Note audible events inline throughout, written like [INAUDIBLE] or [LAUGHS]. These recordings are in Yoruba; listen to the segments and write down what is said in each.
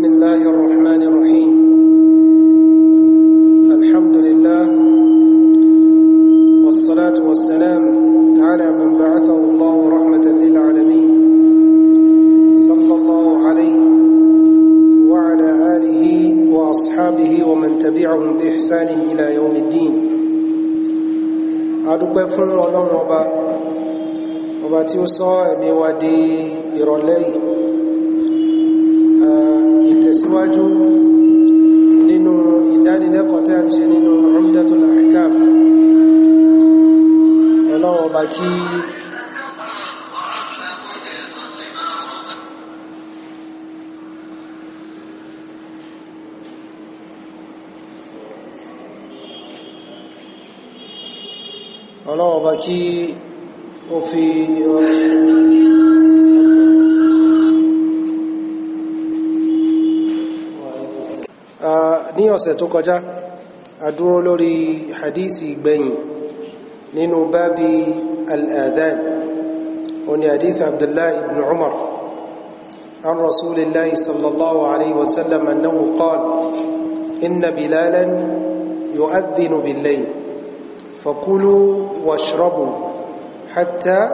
بسم الله الرحمن الرحيم الحمد لله والصلاة والسلام على من بعثه الله رحمة للعالمين صلى الله عليه وعلى آله وأصحابه ومن تبعهم بإحسان إلى يوم الدين أدوك فن ولن وبا وبا تيوسا أمي ودي kí ó fi ní ọ̀sẹ̀ tó kọjá àdúró lórí hadisi gbẹ̀yìn nínú bábi al-adhan oní hadith abdullahi ibn umar عن رسول الله صلى الله عليه وسلم أنه قال إن بلالا فكلوا واشربوا حتى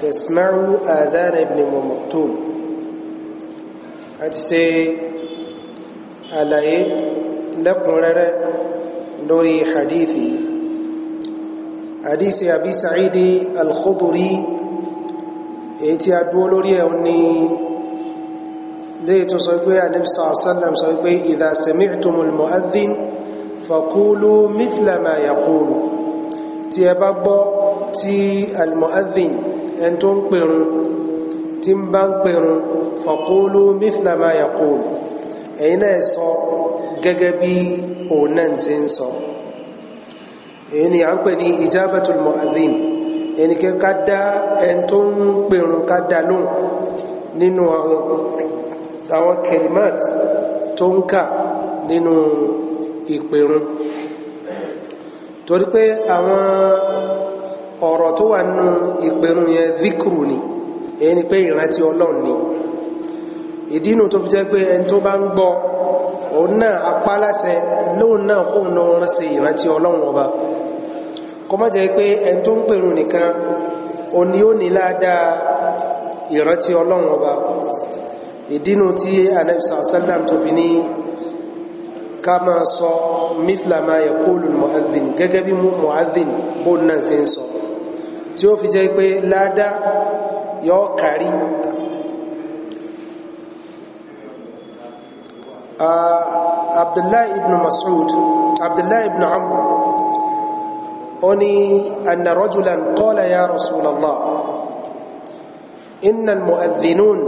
تسمعوا آذان ابن مكتوم أتسي علي لقرر نوري حديثي حديث أبي سعيد الخضري إيتي أبو لوري أني ليتو صلى الله عليه صلى الله عليه وسلم إذا سمعتم المؤذن fàkúlù mithlama yaqulu tí ẹ bá gbọ́ tí almu'adhin ẹn tó ń pèrún tí ń bá ń pèrún fàkúlù mithlama yaqulu ẹ̀yin náà sọ gẹ́gẹ́ bí òun náà ti ń sọ èyí ni kelimat tó ń kà nínú ìpèrún torí pé àwọn ọ̀rọ̀ tó wà nínú ìpèrún yẹn vikru ni èyí ni pé ìrántí ọlọ́run ni ìdínú tó fi jẹ́ pé ẹni tó bá ń gbọ́ òun náà apáláṣẹ lóun náà kóun náà rán ìrántí ọlọ́run ọba kó má jẹ́ pé ẹni tó ń pèrún nìkan òun ni ó ní ládàá ìrántí ọlọ́run ọba ìdínú tí anabi sallam tó fi ní ká máa sọ mithla ma yaqulu mu'adhin gẹ́gẹ́ bí mu'adhin bó náà ṣe ń sọ tí ó fi jẹ́ pé ládá yọ kárí abdullahi ibn mas'ud abdullahi ibn amr ó ní anna rajulan qala ya rasulallah inna al-mu'adhinun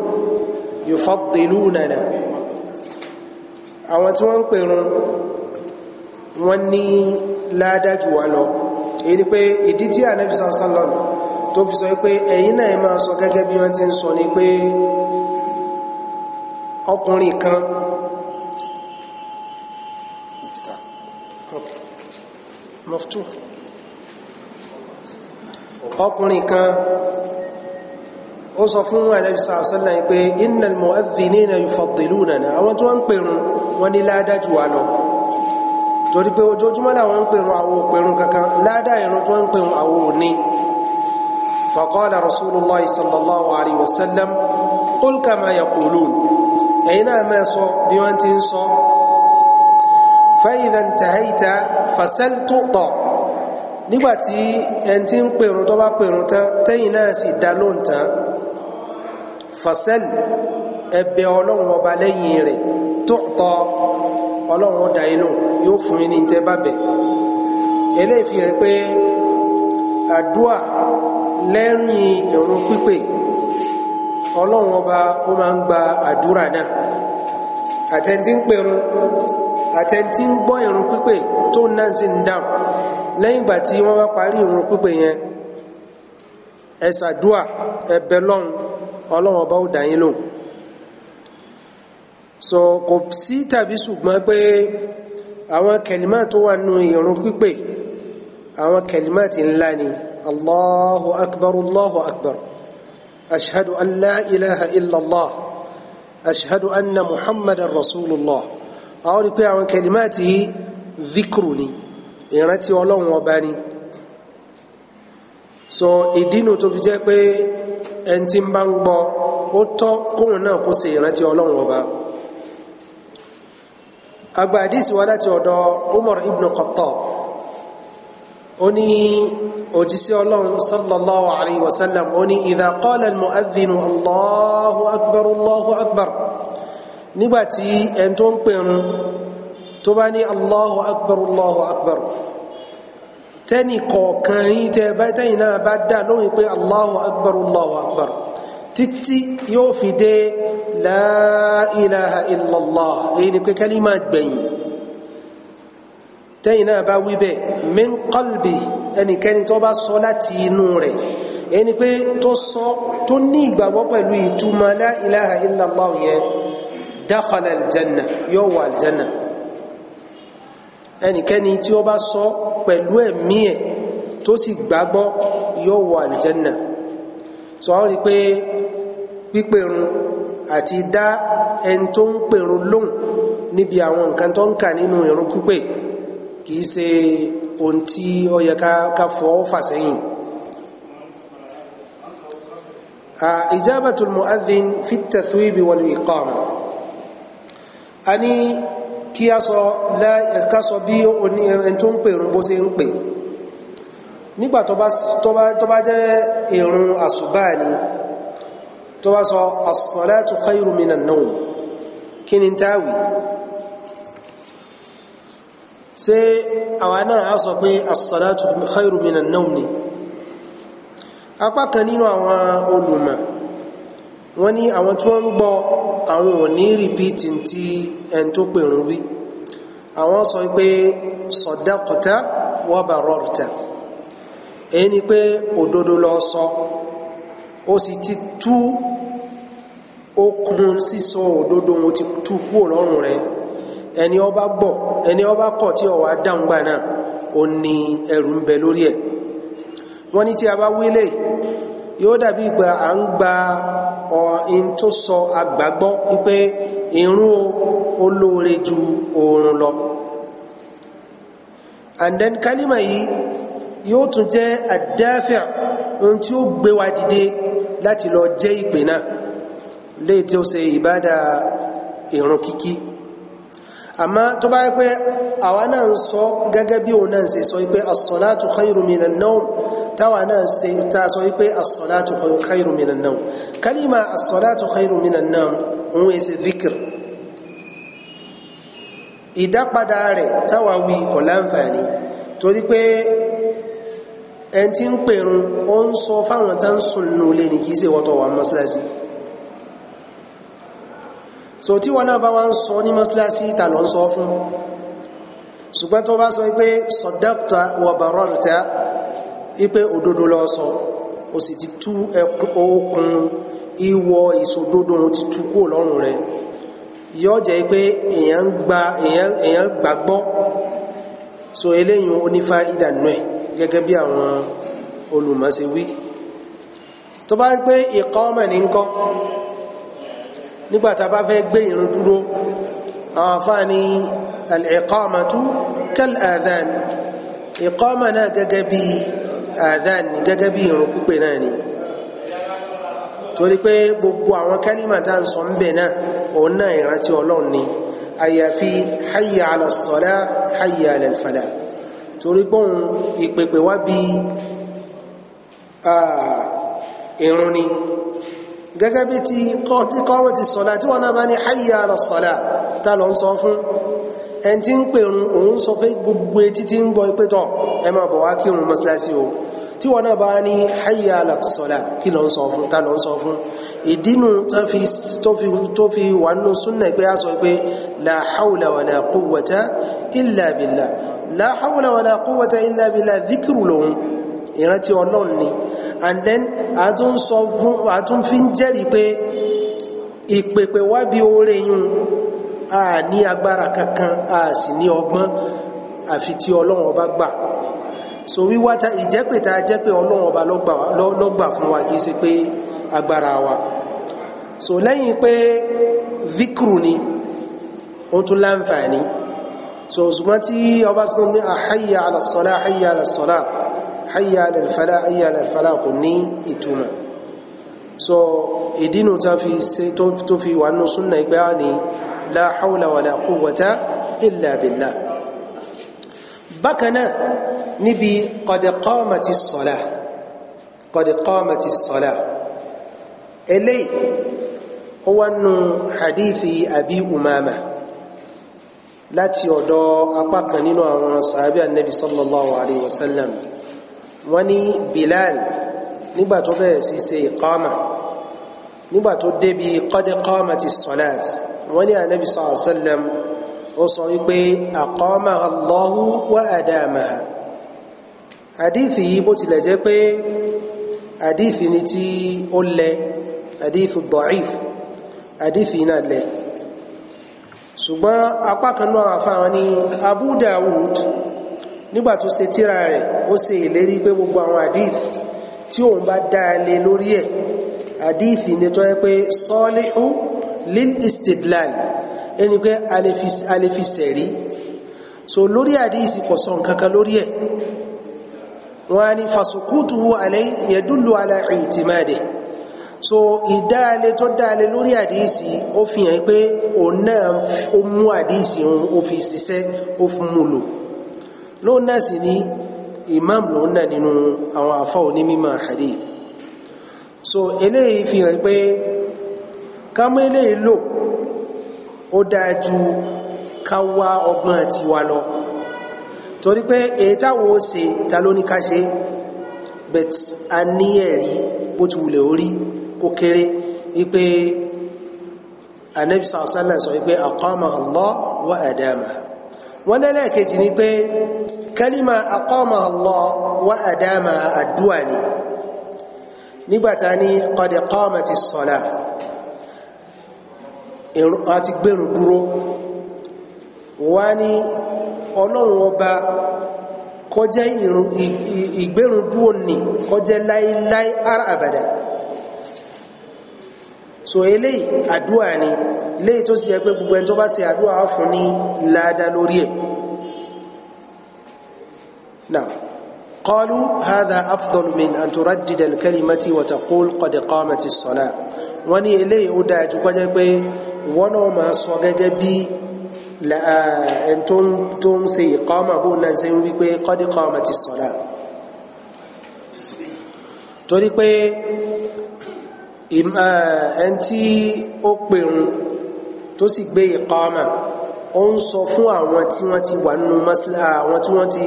yufaddilunana àwọn tí wọ́n ń pèrún wọ́n ní ládájú wa lọ èyí ni pé ìdí tí ànábì sallallahu tó fi sọ pé ẹ̀yin náà máa sọ gẹ́gẹ́ bí wọ́n ti ń sọ ni pé ọkùnrin kan ọkùnrin kan ó sọ fún ànábì sàásánlá pé innal mu'adhdhinina yufaddilunana àwọn tí wọ́n ń pèrún wọ́n ní ládájú wa lọ torí pé ojoojúmọ́ làwọn ń pèrún àwọn òpèrún kankan ládá ìrún tí wọ́n ń pèrún àwọn òní faqala rasulullah sallallahu alayhi wa sallam qul kama yaqulun ẹ̀yin náà máa sọ ẹni tí ń pèrún tó bá pèrún tán tẹ́yìn náà sì dá lóǹtán fasal ẹ̀bẹ̀ Ọlọ́run ọba lẹ́yìn rẹ̀ tu'ta Ọlọ́run ọdà inú yóò fún yín ní tẹ́ bá bẹ̀ eléyìí fi hàn pé àdúà lẹ́yìn ìrun pípé Ọlọ́run ọba ó máa ń gba àdúrà náà àtẹ̀ntí ń pẹ̀rún àtẹ̀ntí ń gbọ́ ìrun pípé tó náà sì ń dáhùn lẹ́yìn ìgbà tí wọ́n bá parí ìrun pípé yẹn ẹ ṣàdúà ọlọ́run ọba ó dá yín lóhùn so kò sí tàbí ṣùgbọ́n pé àwọn kẹlímà tó wà nínú ìrun pípé àwọn kẹlímà ti ńlá ni allahu akbar allahu akbar ashhadu an la ilaha illallah ashhadu anna muhammadan rasulullah àwọn rí pé àwọn kẹlímà ti dhikru ni ìrántí ọlọ́run ọba ni so ìdínú tó fi jẹ́ pé ẹni tí ń bá ń gbọ́ ó tọ́ kóun náà kó ṣe ìrántí ọlọ́run ọba agba àdísì wa láti ọ̀dọ̀ Umar ibn Khattab ó ní òjíṣẹ́ ọlọ́run sallallahu alayhi wa sallam ó ní idha qala al-mu'adhdhin allahu akbar allahu akbar nígbàtí ẹni tó ń pèrún tó bá ní allahu akbar allahu akbar tẹ́nì kọ̀ọ̀kan yín tẹ́ báyìí tẹ́yìn náà bá dá lóhùn pé allahu akbar allahu akbar títí yóò fi dé la ilaha illallah èyí ni pé kálímà gbẹ̀yìn tẹ́yìn náà bá wí bẹ́ẹ̀ min qalbi ẹnikẹ́ni tó bá sọ láti inú rẹ̀ èyí ni pé tó sọ tó ní ìgbàgbọ́ pẹ̀lú ìtumọ̀ la ilaha yẹn dakhala aljanna yóò wà aljanna ẹnikẹ́ni tí ó bá sọ pẹ̀lú ẹ̀mí ẹ̀ tó sì gbàgbọ́ yóò wọ àlìjẹ́nà sọ ọ́ rí pé pípèrun àti dá ẹni tó ń pèrun lóhùn níbi àwọn nǹkan tó ń kà nínú ìrun pípè kìí ṣe ohun tí ó yẹ ká fọwọ́ fà sẹ́yìn ìjábàtul fi at-tathwib wal iqama kí a sọ ká sọ bí oní ẹni tó ń pè irun bó ṣe ń pè nígbà tó bá jẹ́ irun àṣùbá ni tó bá sọ as-salatu khairu minan nawm kí ni táwì ṣé àwa náà á sọ pé as-salatu khairu minan nawm ni apá kan nínú àwọn olùmọ̀ wọ́n ní àwọn tí wọ́n ń gbọ́ àwọn ò ní rìpíìtì tí ẹn tó pèrún wí àwọn sọ pé sọ̀dákọ̀tà wa bararta èyí ni pé òdodo ló sọ ó sì ti tú okùn sísọ òdodo wọn ti tú kúrò lọ́rùn rẹ̀ ẹni ọba gbọ́ ẹni ọba kọ̀ tí ọwà dáhùngbà náà ó ní ẹrù ń bẹ lórí ẹ̀ wọ́n ní tí a bá wílé yóò dàbí ìgbà à ń gba ọ̀hún tó sọ agbàgbọ́ wípé irun olóore ju oorun lọ and then kálímà yìí yóò tún jẹ́ àdáfíà ohun tí ó gbé wa dìde láti lọ jẹ́ ìpè náà léè tí ó ṣe ìbádà ìrun kíkí àmá tó bá yẹ pé àwa náà ń sọ gẹ́gẹ́ bí òun náà ń ṣe sọ pé as-salatu khairu minan táwa náà ṣe tá a sọ wípé as-salatu khairu minan nawm kálímà as-salatu khairu minan nawm òun èsè dhikr ìdápadà rẹ̀ táwa wí kò láǹfààní torí pé ẹni tí ń pèrún ó ń sọ fáwọn tá ń sùn ní kìí ṣe wọ́tọ̀ wà mọ́síláṣí so tí wọn náà bá wá ń sọ ní mọ́síláṣí ìta ló ń sọ fún ṣùgbọ́n tó bá sọ pé sadaqta wa bararta wípé òdodo lọ sọ o sì ti tú okùn ìwọ ìṣòdodo o ti tú kúrò lọ́rùn rẹ yóò jẹ́ pé èèyàn gbàgbọ́ so eléyìí onífà ìdànù ẹ̀ gẹ́gẹ́ bí àwọn olùmọ̀ọ́sẹ̀ wí tó bá ń pé ìkámà ní ńkọ́ nígbàtà bá fẹ́ gbé ìrun dúró àwọn afáà ní al-iqāmatu kal-ādhān ìkámà náà gẹ́gẹ́ bíi àdán ni gẹ́gẹ́ bí irun pípé náà ni torí pé gbogbo àwọn kálímà tá à ń sọ ń bẹ̀ náà òun náà ìrántí ọlọ́run ni àyàfi hayya ala sọlá hayya ala fàlà torí gbóhùn ìpèpè wá bí irun ni gẹ́gẹ́ bí ti kọ́ tí kọ́ wọ́n ti sọlá tí wọ́n náà bá ní hayya ala tá lọ ń sọ fún ẹn tí ń pèrún òun sọ pé gbogbo etí tí ń gbọ́ pé tọ́ ẹ máa bọ̀ wá kírun mọ́sálásí o tí wọn náà bá ní hayya ala salat kí ló ń sọ fún ta ló ń sọ fún ìdínú tó fi wà nínú súnnà pé a sọ pé la hawla wa la quwwata illa billah la hawla wa la lòun ìrántí ọlọ́run ni and then àtún jẹ́rìí pé ìpèpè wá bí oore yún a ní agbára kankan a sì ní ọgbọ́n àfi tí ọlọ́run ọba gbà so wíwá ta ìjẹ́pè ta jẹ́pè ọlọ́run ọba lọ́gbà fún wa kì í ṣe pé agbára wa so lẹ́yìn pé vikru ni ó tún láǹfààní so ṣùgbọ́n tí ọba sọ ní àhayà alàsọ́lá àhayà alàsọ́lá àhayà alàfàlá àhayà alàfàlá kò ní ìtumọ̀ so ìdínú tó fi wà nù súnà ìgbà ni. So, لا حول ولا قوة إلا بالله. بكنا نبي قد قامت الصلاة. قد قامت الصلاة. s هو eléyìí ó wá nù hadithi Abi Umama láti ọ̀dọ̀ apá kan nínú àwọn sàábí annabi sallallahu alayhi wa sallam wọ́n ní Bilal nígbà tó bẹ̀rẹ̀ sí ṣe iqama nígbà tó débi qad qamati s wọ́n ní anabi sallallahu alayhi wa sallam ó sọ wípé aqamaha Allahu wa adamaha hadithi yìí bó tilẹ̀ jẹ́ pé hadithi ni tí ó lẹ hadithi da'if hadithi náà lẹ ṣùgbọ́n apá kan àfáwọn ní Abu Dawud nígbà tó ṣe tírà rẹ̀ ó ṣe ìlérí pé gbogbo àwọn hadith tí òun bá dáa lé lórí ẹ̀ hadith ni tó yẹ pé sọ́ọ́lẹ́hùn lil istidlal ẹni pé a lè fi sẹ̀rí so lórí àdísì kò sọ nǹkankan lórí ẹ̀ wọ́n ni fasukutu alẹ́ yẹdúlù ala ìtìmáde so ìdáalé tó dáalé lórí àdísì ó fi hàn pé òun náà ó mú àdísì òun ó fi ṣiṣẹ́ ó fún mú lò lóun náà sì ni imam lòun náà nínú àwọn àfáà onímọ̀ hadith so eléyìí fi hàn pé ká mọ́ ilé ìlò ó dáa ju ká wá ọgbọ́n tiwa lọ torí pé èyí táwọn ó ṣe ta ló ní ká ṣe bet a ní ẹ̀rí bó ti wulẹ̀ orí kó kéré wípé anabi sàlẹ̀ sọ wípé aqama Allah wa adama wọn lẹ́lẹ́kejì ni pé kálímà aqama Allah wa adama àdúà ni nígbàtà ní qad qamatis salah àti gbẹ̀rùn dúró wá ní ọlọ́run ọba kọjẹ́ ìgbẹ̀rùn dúró ní kọjẹ́ láíláí ara àbàdà so eléyìí àdúà ni léyìí tó sì yẹ pé gbogbo ẹni tó bá ṣe àdúà á fún ní láàdá lórí ẹ̀ قالوا هذا أفضل من أن تردد الكلمة وتقول قد قامت الصلاة وني إليه أدعى تقول ìwọ náà máa sọ gẹ́gẹ́ bí tó ń ṣe ìkọ́mà bó náà ṣe ń wí pé qad qamati ssalah torí pé ẹni tí ó pèrún tó sì gbé ìkọ́mà ó ń sọ fún àwọn tí wọ́n ti wà nínú mọ́sílá àwọn tí wọ́n ti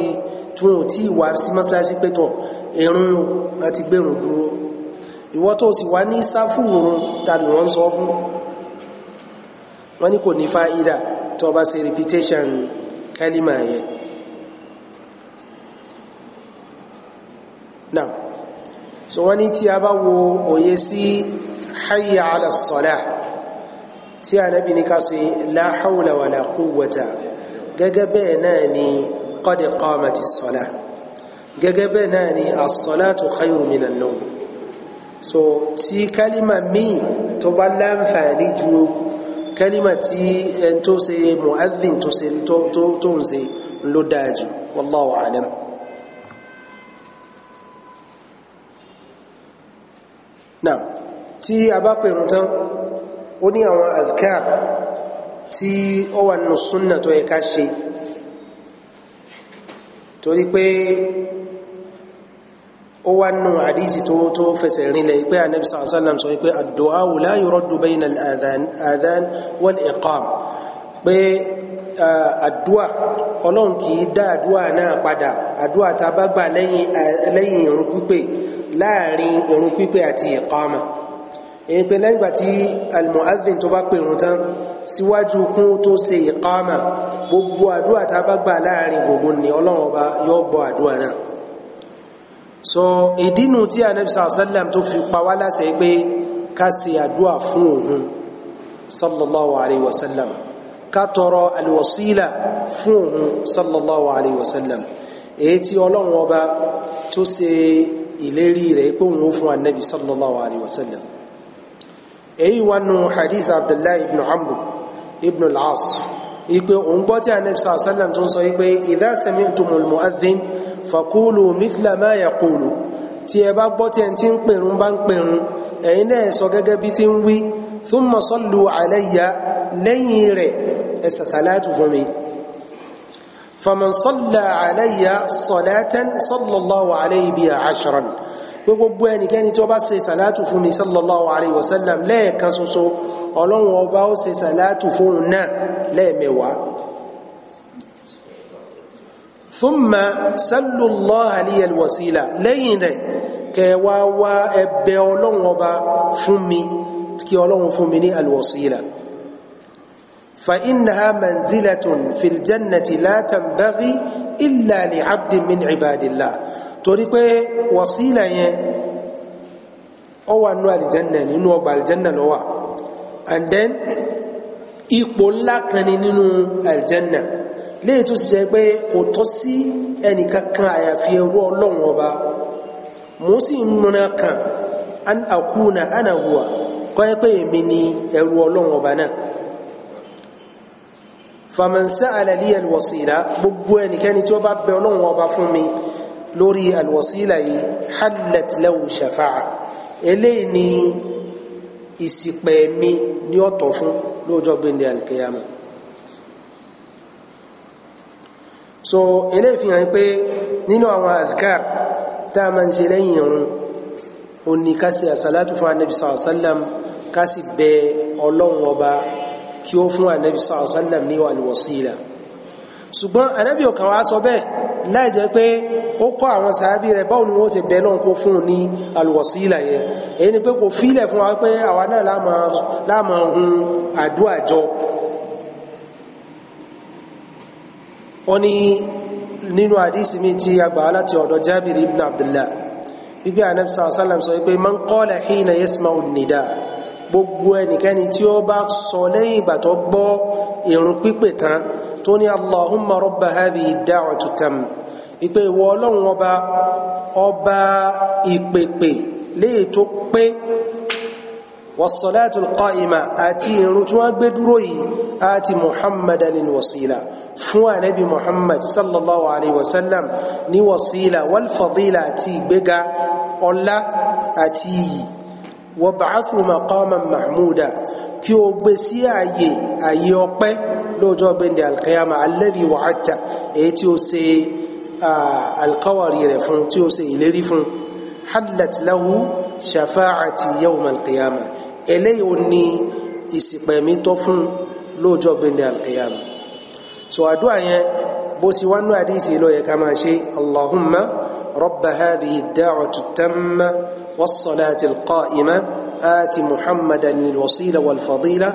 tí wọ́n wà sí mọ́síláṣí pé tọ̀ ẹ̀rùn àti gbẹ̀rùn dúró ìwọ tó sì wá ní sáfù òun tàbí wọ́n sọ fún wọ́n ní kò ní fáídà tó bá ṣe repetition kálímà yẹn náà so wọ́n ní tí a bá wo òye sí hayya ala salah tí Ànábì ní ká ṣe la hawla wala quwwata gẹ́gẹ́ bẹ́ẹ̀ náà ni qad qamatis salah gẹ́gẹ́ bẹ́ẹ̀ náà ni as-salatu khayru minan nawm so tí kálímà míì tó bá láǹfààní ju kálímà tí ẹn tó ṣe mu'adhin tó ṣe tó ń ṣe ló dáa jù wallahu alam. náà tí a bá pèrún tán ó ní àwọn adhkar tí ó wà nínú súnnà tó yẹ ká ṣe ó wá nù àdísì tó tó fẹsẹ̀ rinlẹ̀ pé anabi sàlá sàlám sọ pé àdùá wùlá yuraddu bayna al-adhan wal iqam pé àdúà ọlọ́run kì í dá àdúà náà padà àdúà tá a bá gbà lẹ́yìn irun pípé láàrin irun pípé àti iqama èyí pé lẹ́yìn ìgbà tí al tó bá pè irun tán síwájú kún tó ṣe iqama gbogbo àdúà tá bá gbà láàrin gbogbo ni ọlọ́run ọba yóò gbọ́ àdúà náà so ìdínú tí anabi sàlẹm tó fi pa wá láṣẹ pé ká ṣe àdúrà fún òun sallallahu alayhi wa sallam ká tọrọ alwasila fún òun sallallahu alayhi wa sallam èyí tí ọlọ́run ọba tó ṣe ìlérí rẹ̀ pé òun ó fún anabi sallallahu alayhi wa sallam èyí wà nù hadith abdullahi ibn amru ibn al-as ipe òun gbọ́ tí anabi sàlẹm tó ń sọ yìí pé idha sami'tumul mu'adhdhin fàkúlù mithla ma yaqulu tí ẹ bá gbọ́ tí ẹ ti ń pèrún bá ń pèrún ẹ̀yin náà sọ gẹ́gẹ́ bí ti ń wí thumma sallu alayya lẹ́yìn rẹ̀ ẹ sàṣàlátù fún mi faman salla alayya salatan sallallahu sàlátù fún mi sallallahu alayhi wa sallam lẹ́ẹ̀kan thumma sallu allaha liya alwasila lẹ́yìn rẹ̀ kẹwàá wá ẹ̀bẹ̀ ọlọ́run ọba fún mi kí ọlọ́run fún mi ní alwasila fa innaha manzilatun fil jannati la tanbaghi illa li abdin min ibadillah torí pé wasila yẹn ó wà nínú àlìjánà nínú ọgbà àlìjánà ló wà and then ipò ńlá kan ni nínú àlìjánà léyìí tó sì jẹ́ pé kò tọ́ sí ẹnìkankan àyàfi ẹrú ọlọ́run ọba mo sì ń múra kan an àkúnà ánàwùwà kọ́ ẹ pé èmi ni ẹrú ọlọ́run ọba náà fàmẹ́nsẹ́ àlàlí alwasila gbogbo ẹnikẹ́ni tí ó bá bẹ ọlọ́run ọba fún mi lórí alwasila yìí hallat lahu shafa'a eléyìí ni ìsìpẹ̀ mi ní ọ̀tọ̀ fún lọ́jọ́ gbẹ̀ndẹ̀ alkiyama so eléyìí fi hàn pé nínú àwọn adkar tá a máa ń ṣe lẹ́yìn ìrun ó ní ká ṣe àsàlátù fún anabi sàlá sàlám ká sì bẹ ọlọ́run ọba kí ó fún anabi sàlá sàlám ní alwasila ṣùgbọ́n anabi ọ̀kan wa sọ bẹ́ẹ̀ láì jẹ́ pé ó kọ́ àwọn sàábì rẹ̀ báwo ni wọ́n ṣe bẹ lọ́run kó fún ní alwasila yẹn èyí ni pé kò fílẹ̀ fún wa pé àwa náà láàmà hun àdúrà wọ́n ní nínú àdísì mi tí a gbà láti ọ̀dọ̀ Jabir ibn Abdullah wípé anabi sallam sọ wípé man qala hina yasma'u an-nida gbogbo ẹnikẹ́ni tí ó bá sọ lẹ́yìn ìgbà tó gbọ́ ìrun pípè tán tó ní allahumma rabba hadhihi ad-da'wati tam ìpè ìwọ ọlọ́run ọba ọba ìpèpè léè tó pé was qaima àti ìrun tí wọ́n gbé dúró yìí àti muhammadan al-wasila fún ànábì muhammad sallallahu alayhi wa sallam ní wasila walfadila àti ìgbéga ọlá àti iyì wa ba'athu maqaman mahmuda kí o gbé sí ààyè ààyè ọpẹ́ lọ́jọ́ bẹndẹ alqiyama alladhi wa'adta èyí tí o ṣe alkawari rẹ̀ fún tí o ṣe ìlérí fún hallat lahu shafa'ati yawm alqiyama eléyìí ò ní ìsìpẹ̀mí tó fún lọ́jọ́ bẹndẹ alqiyama. so àdúrà yẹn bó sì wá nú àdísì ló yẹ ká máa ṣe allahumma rabba hadhihi ad-da'wati at-tamma was-salati al-qa'ima آت محمدا للوصيلة والفضيلة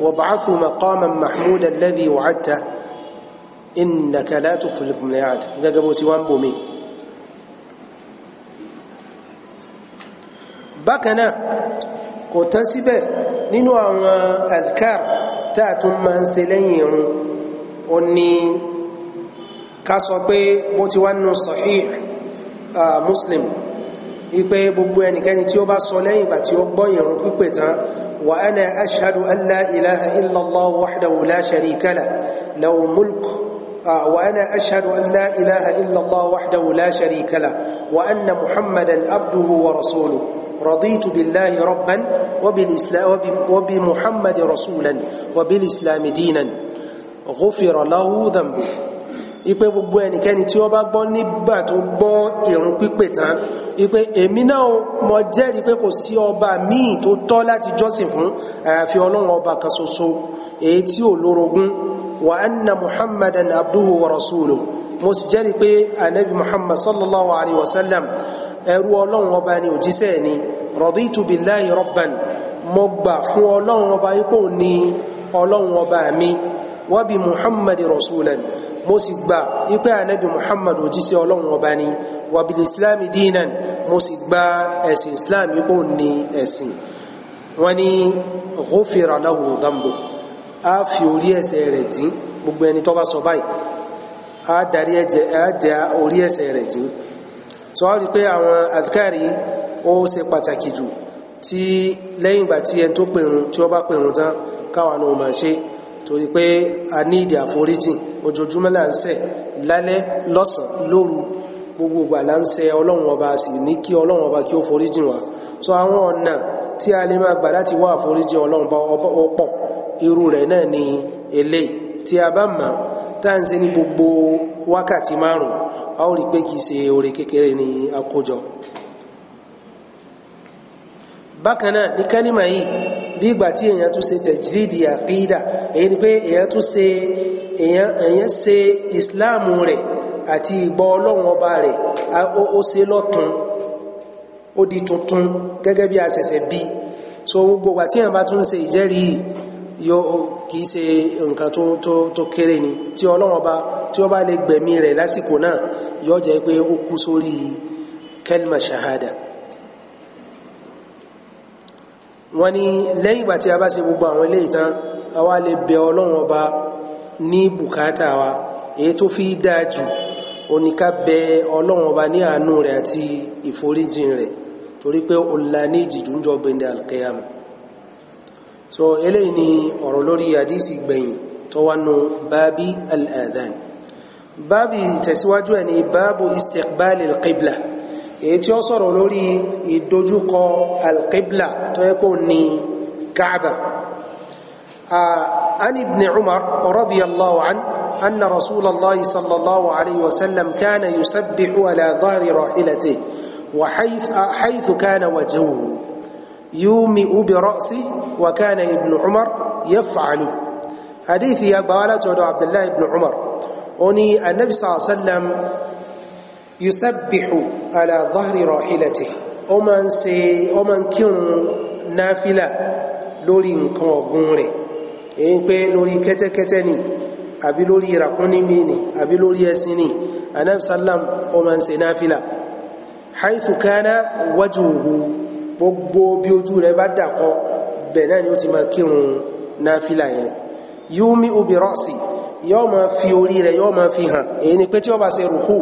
وابعثه مقاما محمودا الذي وعدته إنك لا تخلف الميعاد قبو سوان بومي بكنا كنت سبه ننوى أذكار تاتم من سليم ó ní ká sọ pé bó ti wá nù sahih muslim wípé gbogbo ẹnikẹ́ni tí ó bá sọ lẹ́yìn ìgbà tí ó gbọ́ ìrun pípè tán wa ana ashhadu an la ilaha illa allah wahdahu la sharika lah lahu mulk وأنا أشهد أن لا إله إلا الله وحده لا شريك له وأن محمدا عبده ورسوله رضيت بالله ربا وبمحمد رسولا وبالإسلام دينا ghufira lahu dhanbu ipe gbogbo ẹnikẹ́ni tí ó bá gbọ́ nígbà tó gbọ́ ìrun pípè tán ipe èmi náà mo jẹ́rìí pé kò sí ọba míì tó tọ́ láti jọ́sìn fún àyàfi ọlọ́run ọba kan ṣoṣo èyí tí ò lórogún wa anna muhammadan abduhu wa rasuluhu mo sì jẹ́rìí pé anabi muhammad sallallahu alayhi wa sallam ẹrú ọlọ́run ọba ni òjíṣẹ́ ni raditu billahi rabban mo gbà fún ọlọ́run ọba ipò ní ọlọ́run ọba mi wabi muhammad rasulan mo sì gbà ipe anabi muhammad òjíṣẹ́ ọlọ́run ọba ni wabi islam dinan mo sì gbà ẹ̀sìn islam ipò ní ẹ̀sìn wọn ni ghufira lahu dhanbu a fi orí ẹ̀ṣẹ̀ rẹ̀ dín gbogbo ẹni tó sọ báyìí a darí ẹ̀jẹ̀ a lẹ́yìn ìgbà tí ẹni tó pèrún tí ó bá pèrún tán káwọn ọmọ ṣe torí pé a ní ìdí àforíjìn ojoojúmọ́ là ń ṣẹ̀ lálẹ́ lọ́sàn lóru gbogbo ìgbà là ń ṣẹ̀ ọlọ́run ọba sì ní kí ọlọ́run ọba kí ó foríjìn wa so àwọn ọ̀nà tí a lè máa gbà láti wá àforíjìn ọlọ́run bá ọ̀pọ̀ irú rẹ̀ náà ni eléyìí tí a bá mọ̀ tá à ń ṣe ní gbogbo wákàtí márùn-ún a ó rí pé kì í ṣe oore kékeré ni a kó bákan náà ní kálímà yìí bí ìgbà tí èèyàn tún ṣe tẹ̀jìdì àkídà èyí ni pé èèyàn tún ṣe èèyàn èèyàn ṣe ìsìláàmù rẹ̀ àti ìgbọ́ ọlọ́run ọba rẹ̀ ó ṣe lọ́tun ó di tuntun gẹ́gẹ́ bí a bí so gbogbo ìgbà tí èèyàn bá tún ṣe ìjẹ́rìí yóò kì í ṣe nǹkan tó tó tó kéré ni tí ọlọ́run ọba tí ó bá lè gbẹ̀mí rẹ̀ lásìkò náà yóò jẹ́ pé ó kú sórí kẹlma shahada. wọ́n ní lẹ́yìn ìgbà tí a bá ṣe gbogbo àwọn eléyìí tán a wá lè bẹ ọlọ́run ọba ní bùkátà wa èyí tó fi dáa jù oníká bẹ ọlọ́run ọba ní àánú rẹ̀ àti ìforíjìn rẹ̀ torí pé ọ̀la ní ìjìjú ń jọ gbẹ̀ndẹ̀ alkeyama so eléyìí ni ọ̀rọ̀ lórí àdísì gbẹ̀yìn tó wà nù bábí al-adhan bábí ìtẹ̀síwájú ẹ̀ ní bábù istiqbal al-qibla qibla èyí tí ó sọ̀rọ̀ lórí ìdojúkọ alqibla tó yẹ kó ní kaaba an ibn umar radiyallahu an anna rasulallah sallallahu alayhi wa sallam kana yusabbihu ala dhahri rahilatihi wa haythu kana wajhuhu يومئ برأسه وكان ابن عمر يفعل حديث يا بالة عبد الله بن عمر أني النبي صلى الله عليه وسلم yusabbihu ala dhahri rahilatihi ó máa ń ṣe ó máa ń kírun náfìlà lórí nǹkan ọ̀gbun rẹ̀ èyí pé lórí kẹ́tẹ́kẹ́tẹ́ ni àbí lórí ìràkúnní mi ni àbí lórí ẹṣin ni anabi sallam ó máa ń ṣe náfìlà haithu kana wajhuhu gbogbo bí ojú rẹ̀ bá dàkọ bẹ́ẹ̀ náà ni ó ti máa kírun náfìlà yẹn yumi ubi rọ́ọ̀sì yóò fi orí rẹ̀ yóò máa fi hàn èyí ni pé tí ó bá ṣe rùkú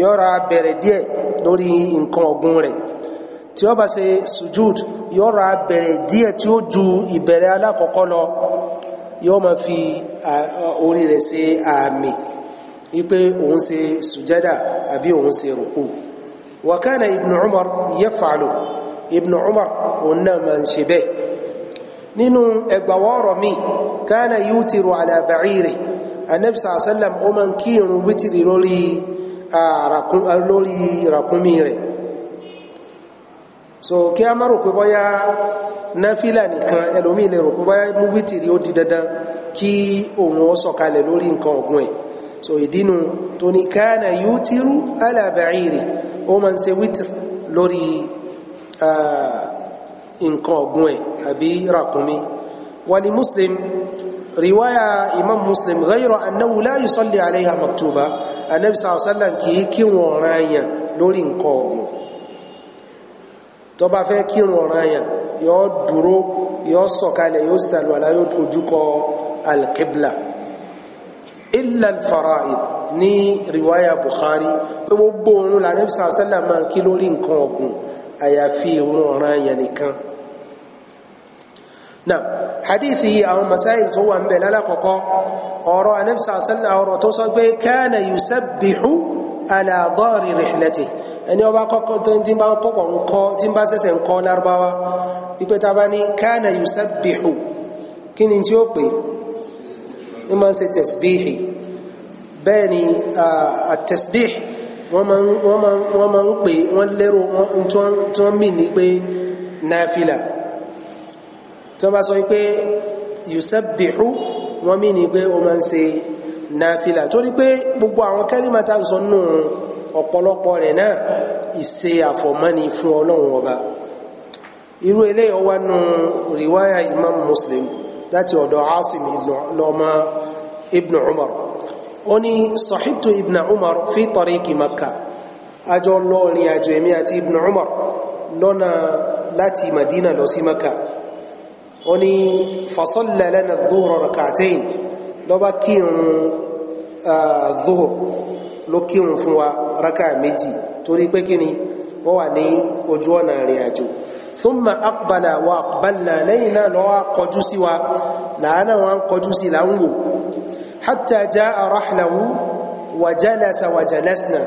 yóò ra bẹ̀rẹ̀ díẹ̀ lórí nǹkan ọ̀gbun rẹ̀ tí ó bá ṣe sujud yóò ra bẹ̀rẹ̀ díẹ̀ tí ó ju ìbẹ̀rẹ̀ alákọ̀ọ́kọ́ lọ yóò máa fi orí rẹ̀ ṣe àmì wípé òun ṣe sujada àbí òun ṣe rùkú wa ibn umar yaf'alu ibn umar òun náà máa ń ṣe bẹ́ẹ̀ nínú ẹgbàwọ́rọ̀ mi kana yutiru ala ba'iri anabi sallam ó máa wítìrì lórí lórí ràkúnmí rẹ̀ so kí a má rò pé bọ́yá náfìlà nìkan ẹlòmíì lè rò pé bọ́yá múbítìrì ó di dandan kí òun ó sọ̀kalẹ̀ lórí nǹkan ọ̀gbun ẹ̀ so ìdínú tó ní káàna yútírú ala ba'iri ó máa ń ṣe wítìr lórí nǹkan ọ̀gbun ẹ̀ àbí ràkúnmí wà ní muslim riwaya imam muslim ghayra annahu la yusalli alayha maktuba anabi sallallahu alayhi wa sallam kì í kírun ọ̀ràn yẹn lórí nǹkan ọ̀gbìn tó bá fẹ́ kírun ọ̀ràn yẹn yóò dúró yóò sọ̀kalẹ̀ yóò sàlùwàlá yóò dojúkọ alqibla illa alfara'id ní riwaya bukhari pé gbogbo òun la anabi sallallahu alayhi wa sallam máa kí lórí nǹkan ọ̀gbìn àyàfi òun náà hadith yìí àwọn masáyìl tó wà ń bẹ̀ lálàkọ̀kọ́ ọ̀rọ̀ anẹ́bísà sẹ́lá ọ̀rọ̀ tó sọ pé kana yusabbihu ala dhari rihlati ẹni ọba kọ́kọ́ tí bá kọ́kọ́ ń kọ́ tí bá sẹ́sẹ̀ ń kọ́ lárúbáwá wípé ta bá ní kana yusabbihu kí ni tí ó pè ní máa ń ṣe tasbihi bẹ́ẹ̀ ni at wọ́n máa ń pè wọ́n lérò tí wọ́n mì ní pé náfìlà tí wọ́n bá sọ pé yusabbihu wọ́n mí ni pé o máa ń ṣe náfìlà torí pé gbogbo àwọn kẹ́límà tá à ń sọ nù ọ̀pọ̀lọpọ̀ rẹ̀ náà ìṣe àfọ̀mọ́ni fún ọlọ́run ọba irú eléyìí ó wà nù rìwáyà imam muslim láti ọ̀dọ̀ asim lọ́mọ ibn umar ó ní sahibtu ibn umar fi tariqi makkah àjọ lọ́ọ̀rin àjọ èmi àti ibn umar lọ́nà láti madina lọ sí makkah ó ní fasalla lana dhuhra rak'atayn ló bá kírun dhuhr ló kírun fún wa rákà méjì torí pé kí ni wọ́n wà ní ojú ọ̀nà ìrìn àjò thumma aqbala wa aqbalna lẹ́yìn náà ló wá kọjú sí wa làánà wọn kọjú sí là ń wò hatta jaa rahlahu wa jalasa wa jalasna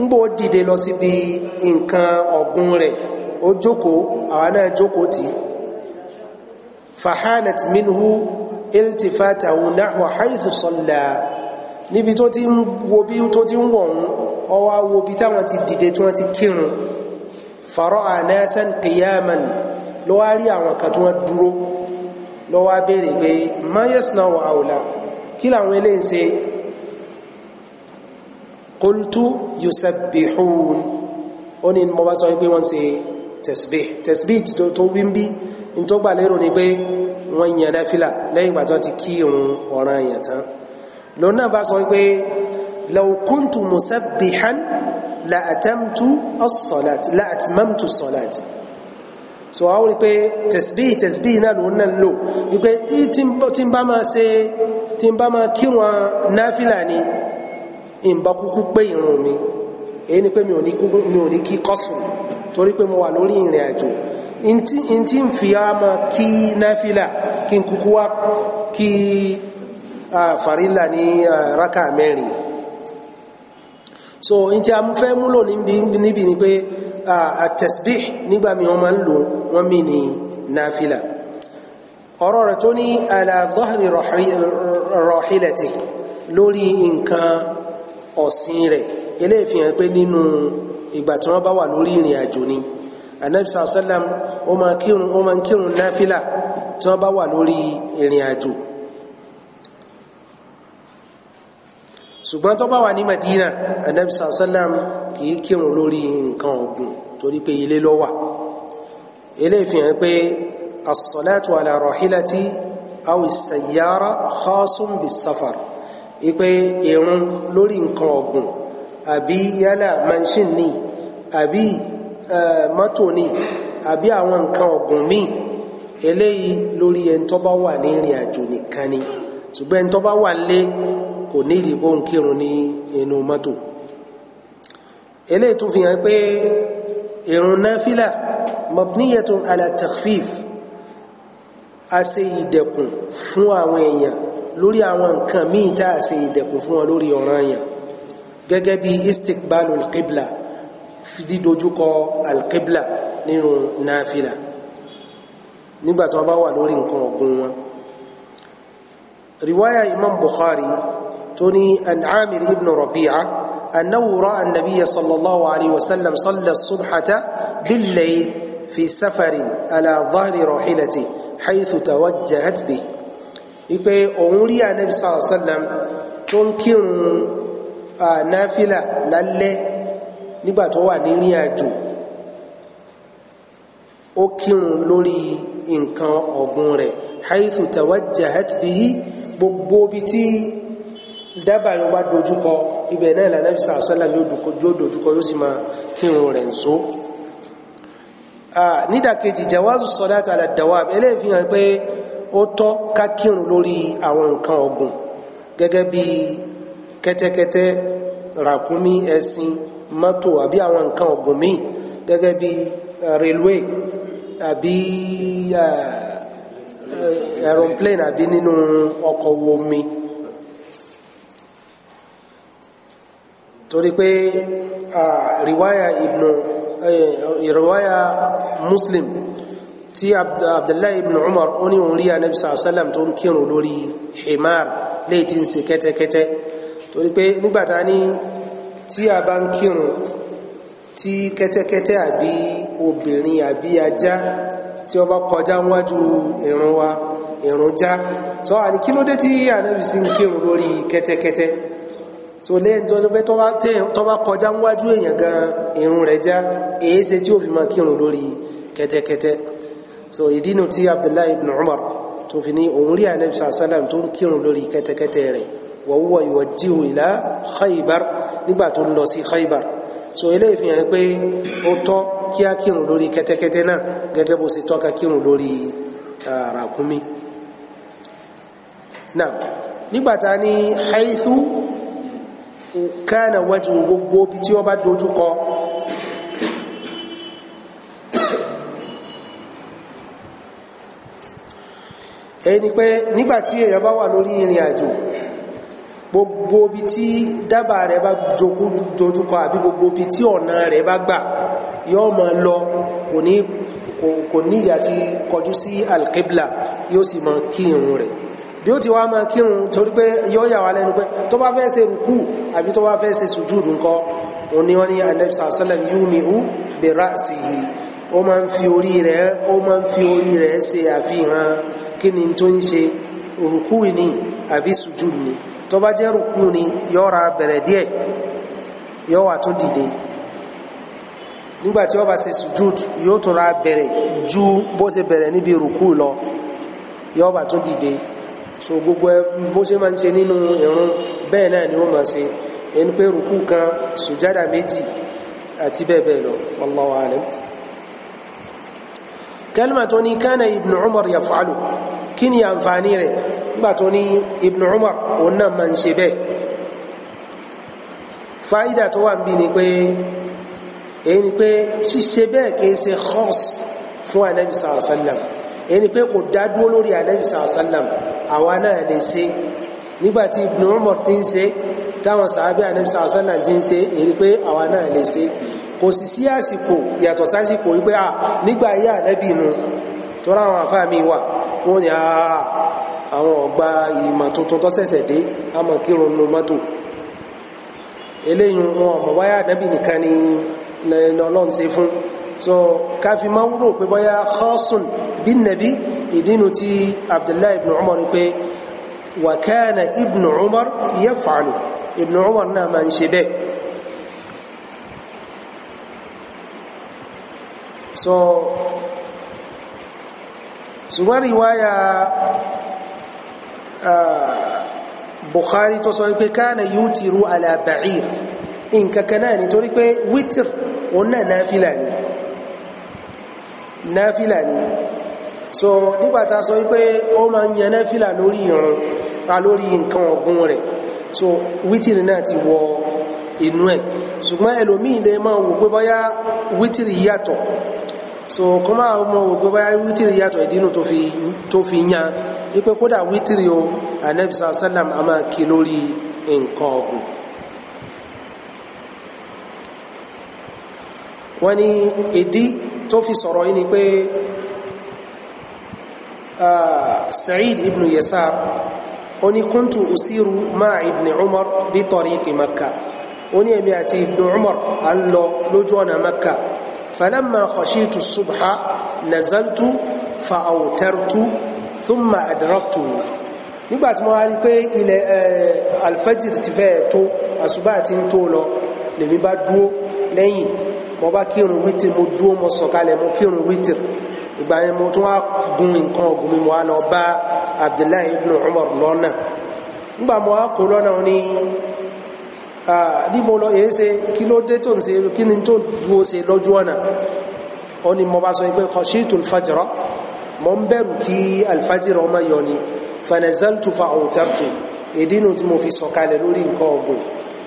ń bò dìde lọ síbi nǹkan ọ̀gbun rẹ̀ ó jókòó àwa náà fahanat minhu iltifatahu nahwa haythu salla níbi tó ti ń wo bí tó ti ń wọ̀hún ọwọ́ wo bí táwọn ti dìde tí wọ́n ti kírun fara'a nasan qiyaman ló wá rí àwọn kan tí wọ́n dúró ló wá pé mayas náà wà áwòlá kí làwọn eléyìí ṣe qultu yusabbihun ó ní mo bá sọ pé wọ́n ṣe tasbih tasbih tó wí ń bí ntọ́gbà lérò ni pé wọ́n yan náfìlà lẹ́yìn ìgbà tí wọ́n ti kí irun ọ̀ràn èèyàn tán lòun náà bá sọ pé law kuntu musabbihan la atamtu as-salat la atmamtu as-salat so a wọ́n rí pé tẹ̀sbí tẹ̀sbí náà lòun náà lò wípé tí n bá máa ṣe tí n bá máa kí wọn náfìlà ni ìbá kúkú pé irun mi èyí ni pé mi ò ní kí kọ́sùn torí pé mo wà lórí ìrìn àjò ntí ń fi ama kí náfìlà kí n kúkú wá kí farila ní raka mẹ́rin so ntí a fẹ́ múlò níbi ni pé àtẹ̀sbíh nígbà mi wọ́n máa ń lò wọ́n mì ní náfìlà ọ̀rọ̀ rẹ̀ tó ní ala dhahri rahilati lórí nǹkan ọ̀sìn rẹ̀ eléyìí fi hàn pé nínú ìgbà tí wọ́n bá wà lórí ìrìn àjò ni anabi sàlám ó máa kírun ó máa kírun náfìlà tí wọ́n bá wà lórí ìrìn àjò ṣùgbọ́n tó bá wà ní Madina anabi sàlám kìí kírun lórí nǹkan ọ̀gùn torí pé ilé ló wà ilé fi hàn pé as-salatu ala rahilati aw as ipe irun lórí nǹkan ọ̀gùn àbí yálà manshin ni àbí mọ́tò ni àbí àwọn nǹkan ọ̀gùn míì eléyìí lórí ẹni tó bá wà ní ìrìn àjò nìkan ni ṣùgbọ́n ẹni tó bá wà lé kò ní ìdìbò ń kírun ní inú mọ́tò eléyìí tún fi hàn pé ìrun náfílà mabniyatun ala takhfif a ṣe ìdẹ̀kùn fún àwọn èèyàn lórí àwọn nǹkan míì tá a ṣe ìdẹ̀kùn fún wọn lórí ọ̀ranyàn gẹ́gẹ́ bí istikbalul qibla dídojúkọ alqibla nínú náfìlà nígbà tí wọ́n bá wà lórí nǹkan ọ̀gbun wọn riwaya imam bukhari tó ní an ibn rabi'a أنه رأى النبي صلى الله عليه وسلم صلى الصبحة بالليل في سفر على ظهر راحلته حيث توجهت به ipe òun rí anabi sallallahu alaihi wa sallam tó ń kírun náfìlà lálẹ́ nígbà tó wà ní rìn àjò ó kírun lórí nǹkan ọ̀gbun rẹ̀ haithu tawajjahat bihi gbogbo bi tí dábàá yóò bá dojúkọ ibẹ̀ náà la Nabi sallallahu alaihi wasallam yóò dojúkọ yóò sì máa kírun rẹ̀ nso nídàkejì jawazu salati ala dawab eléyìí fi hàn pé ó tọ́ ká kírun lórí àwọn nǹkan ọ̀gbun gẹ́gẹ́ bí kẹ́tẹ́kẹ́tẹ́ ràkúnmí ẹṣin mọ́tò àbí àwọn nǹkan ọ̀gùn míì gẹ́gẹ́ bí uh, rélùwé àbí uh, uh, aeroplane àbí nínú ọkọ̀ omi torí pé riwaya ibnu riwaya muslim tí abdullahi ibnu umar ó ní òun rí anabi sàlám tó ń kírun lórí himar léyìí tí ń ṣe kẹ́tẹ́kẹ́tẹ́ torí pé nígbàtá ní tí a bá ń kírun tí kẹ́tẹ́kẹ́tẹ́ àbí obìnrin àbí ajá tí ó bá kọjá wájú ìrun wa ìrun já sọ àní kí ló dé tí ànábì sí ń kírun lórí kẹ́tẹ́kẹ́tẹ́ so lẹ́yìn tó lọ́pẹ́ tó bá kọjá wájú èèyàn gan ìrun rẹ̀ já èé ṣe tí ó fi máa kírun lórí kẹ́tẹ́kẹ́tẹ́ so ìdínú tí Abdullahi ibn Umar tó fi ní òun rí ànábì sàlám tó ń kírun lórí kẹ́tẹ́kẹ́tẹ́ rẹ̀ wa huwa yuwajjihu ila Khaybar nígbà tó ń lọ sí Khaybar so eléyìí fi hàn pé ó tọ́ kí á kírun lórí kẹ́tẹ́kẹ́tẹ́ náà gẹ́gẹ́ bó ṣe tọ́ka kírun lórí ràkúnmí náà nígbà ní haithu kana wajhu gbogbo bí tí ó bá dojú kọ pé nígbàtí èèyàn bá wà lórí ìrìn àjò gbogbo bi tí dábàá rẹ̀ bá dojúkọ àbí gbogbo bi tí ọ̀nà rẹ̀ bá gbà yóò máa lọ kò ní kò ní ìdí àti kọjú sí alqibla yóò sì máa kí irun rẹ̀ bí ó ti wá máa kírun torí pé yóò yà wá lẹ́nu pé tó bá fẹ́ ṣe rùkú àbí tó bá fẹ́ ṣe sùjúdù ńkọ́ òun ni wọ́n ní anabi sàlẹ̀ yumi'u bi ra'sihi ó máa ń fi orí rẹ̀ ó máa ń fi orí rẹ̀ ṣe àfihàn kí ni tó ń ṣe rùkú ni àbí sùjúdù ni tó bá jẹ́ rùkú ni yóò ra bẹ̀rẹ̀ díẹ̀ yóò wà tún dìde nígbàtí ó bá ṣe sujud yóò tún ra bẹ̀rẹ̀ ju bó ṣe bẹ̀rẹ̀ níbi rùkú lọ yóò bá tún dìde so gbogbo ẹ bó ṣe máa ń ṣe nínú ìrun bẹ́ẹ̀ náà ni ó máa ṣe ẹni pé rùkú kan sùjádà méjì àti bẹ́ẹ̀ bẹ́ẹ̀ lọ wallahu alam kẹlìmà tó kánà ibn umar yaf'alu kí ni àǹfààní rẹ̀ nígbà tó ní Ibn Umar òun náà máa ń ṣe bẹ́ẹ̀ fáídà tó wà ń bí ni pé èyí ni pé ṣíṣe bẹ́ẹ̀ kìí ṣe khos fún anabi sàlám èyí ni pé kò dá dúró lórí anabi sàlám àwa náà lè ṣe nígbà tí Ibn Umar ti ń ṣe táwọn sàábẹ́ anabi sàlám ti ń ṣe èyí ni pé àwa náà lè ṣe kò sì sí àsìkò yàtọ̀ sásìkò wípé à nígbà ayé anabi nu tó ráwọn àfáà mi wà wọ́n ní àà àwọn ọgbà ìmọ̀ tuntun tó ṣẹ̀ṣẹ̀ dé a mọ̀ kí ronú mọ́tò eléyìn wọn ọmọ wáyà ànábì nìkan ni lọ́lọ́n ṣe fún so káfí máa ń rò pé bóyá khasun bin nabi ìdínú ti abdullahi ibn umar pé wa kana ibn umar yaf'alu ibn umar náà máa ń ṣe bẹ́ẹ̀ so ṣùgbọ́n riwaya Bukhari tó sọ pé káàna yutiru ala ba'ir nǹkan kan náà nítorí pé wítìr òun náà náfìlà ni náfìlà ni so nígbàtà sọ pé ó máa ń yan náfìlà lórí irun a lórí nǹkan ọ̀gùn rẹ̀ so wítìrì náà ti wọ inú ẹ̀ ṣùgbọ́n ẹlòmíì lè máa wò pé bóyá wítìrì yàtọ̀ so kọ́ máa mọ̀ wò pé bóyá wítìrì yàtọ̀ ìdínú tó fi yan wípé kódà wítìrì o anabi sàlám a máa kí lórí nǹkan ọ̀gùn. wọ́n ní ìdí tó fi sọ̀rọ̀ yìí ni pé Sa'id ibn Yasar ó ní kúntù usiru máa ibn Umar bí tariqi Makkah ó ní èmi àti ibn Umar à ń lọ lójú ọ̀nà Makkah falamma khashitu subha nazaltu fa thumma adraktu nígbà tí mo wá rí pé ilẹ̀ alfajir ti fẹ́ tó àṣùbà àti ń tó lọ lèmi bá dúó lẹ́yìn mo bá kírun wítìrì mo dúó mo sọ̀kalẹ̀ mo kírun wítìrì ìgbà yẹn mo tún wá gun nǹkan ọ̀gùn mi mo wá lọ bá abdullahi ibn umar lọ́nà nígbà mo wá kó lọ́nà ní ní mo lọ èé ṣe kí ló dé tó ń ṣe kí ni tó dúó ṣe lójú ọ̀nà ó ní mo bá sọ pé khashitul fajra mo ń bẹ̀rù kí alifájìrì ọmọ yọ ni fanazaltu fa awtartu èdè inú tí mo fi sọ̀kalẹ̀ lórí nǹkan ọ̀gùn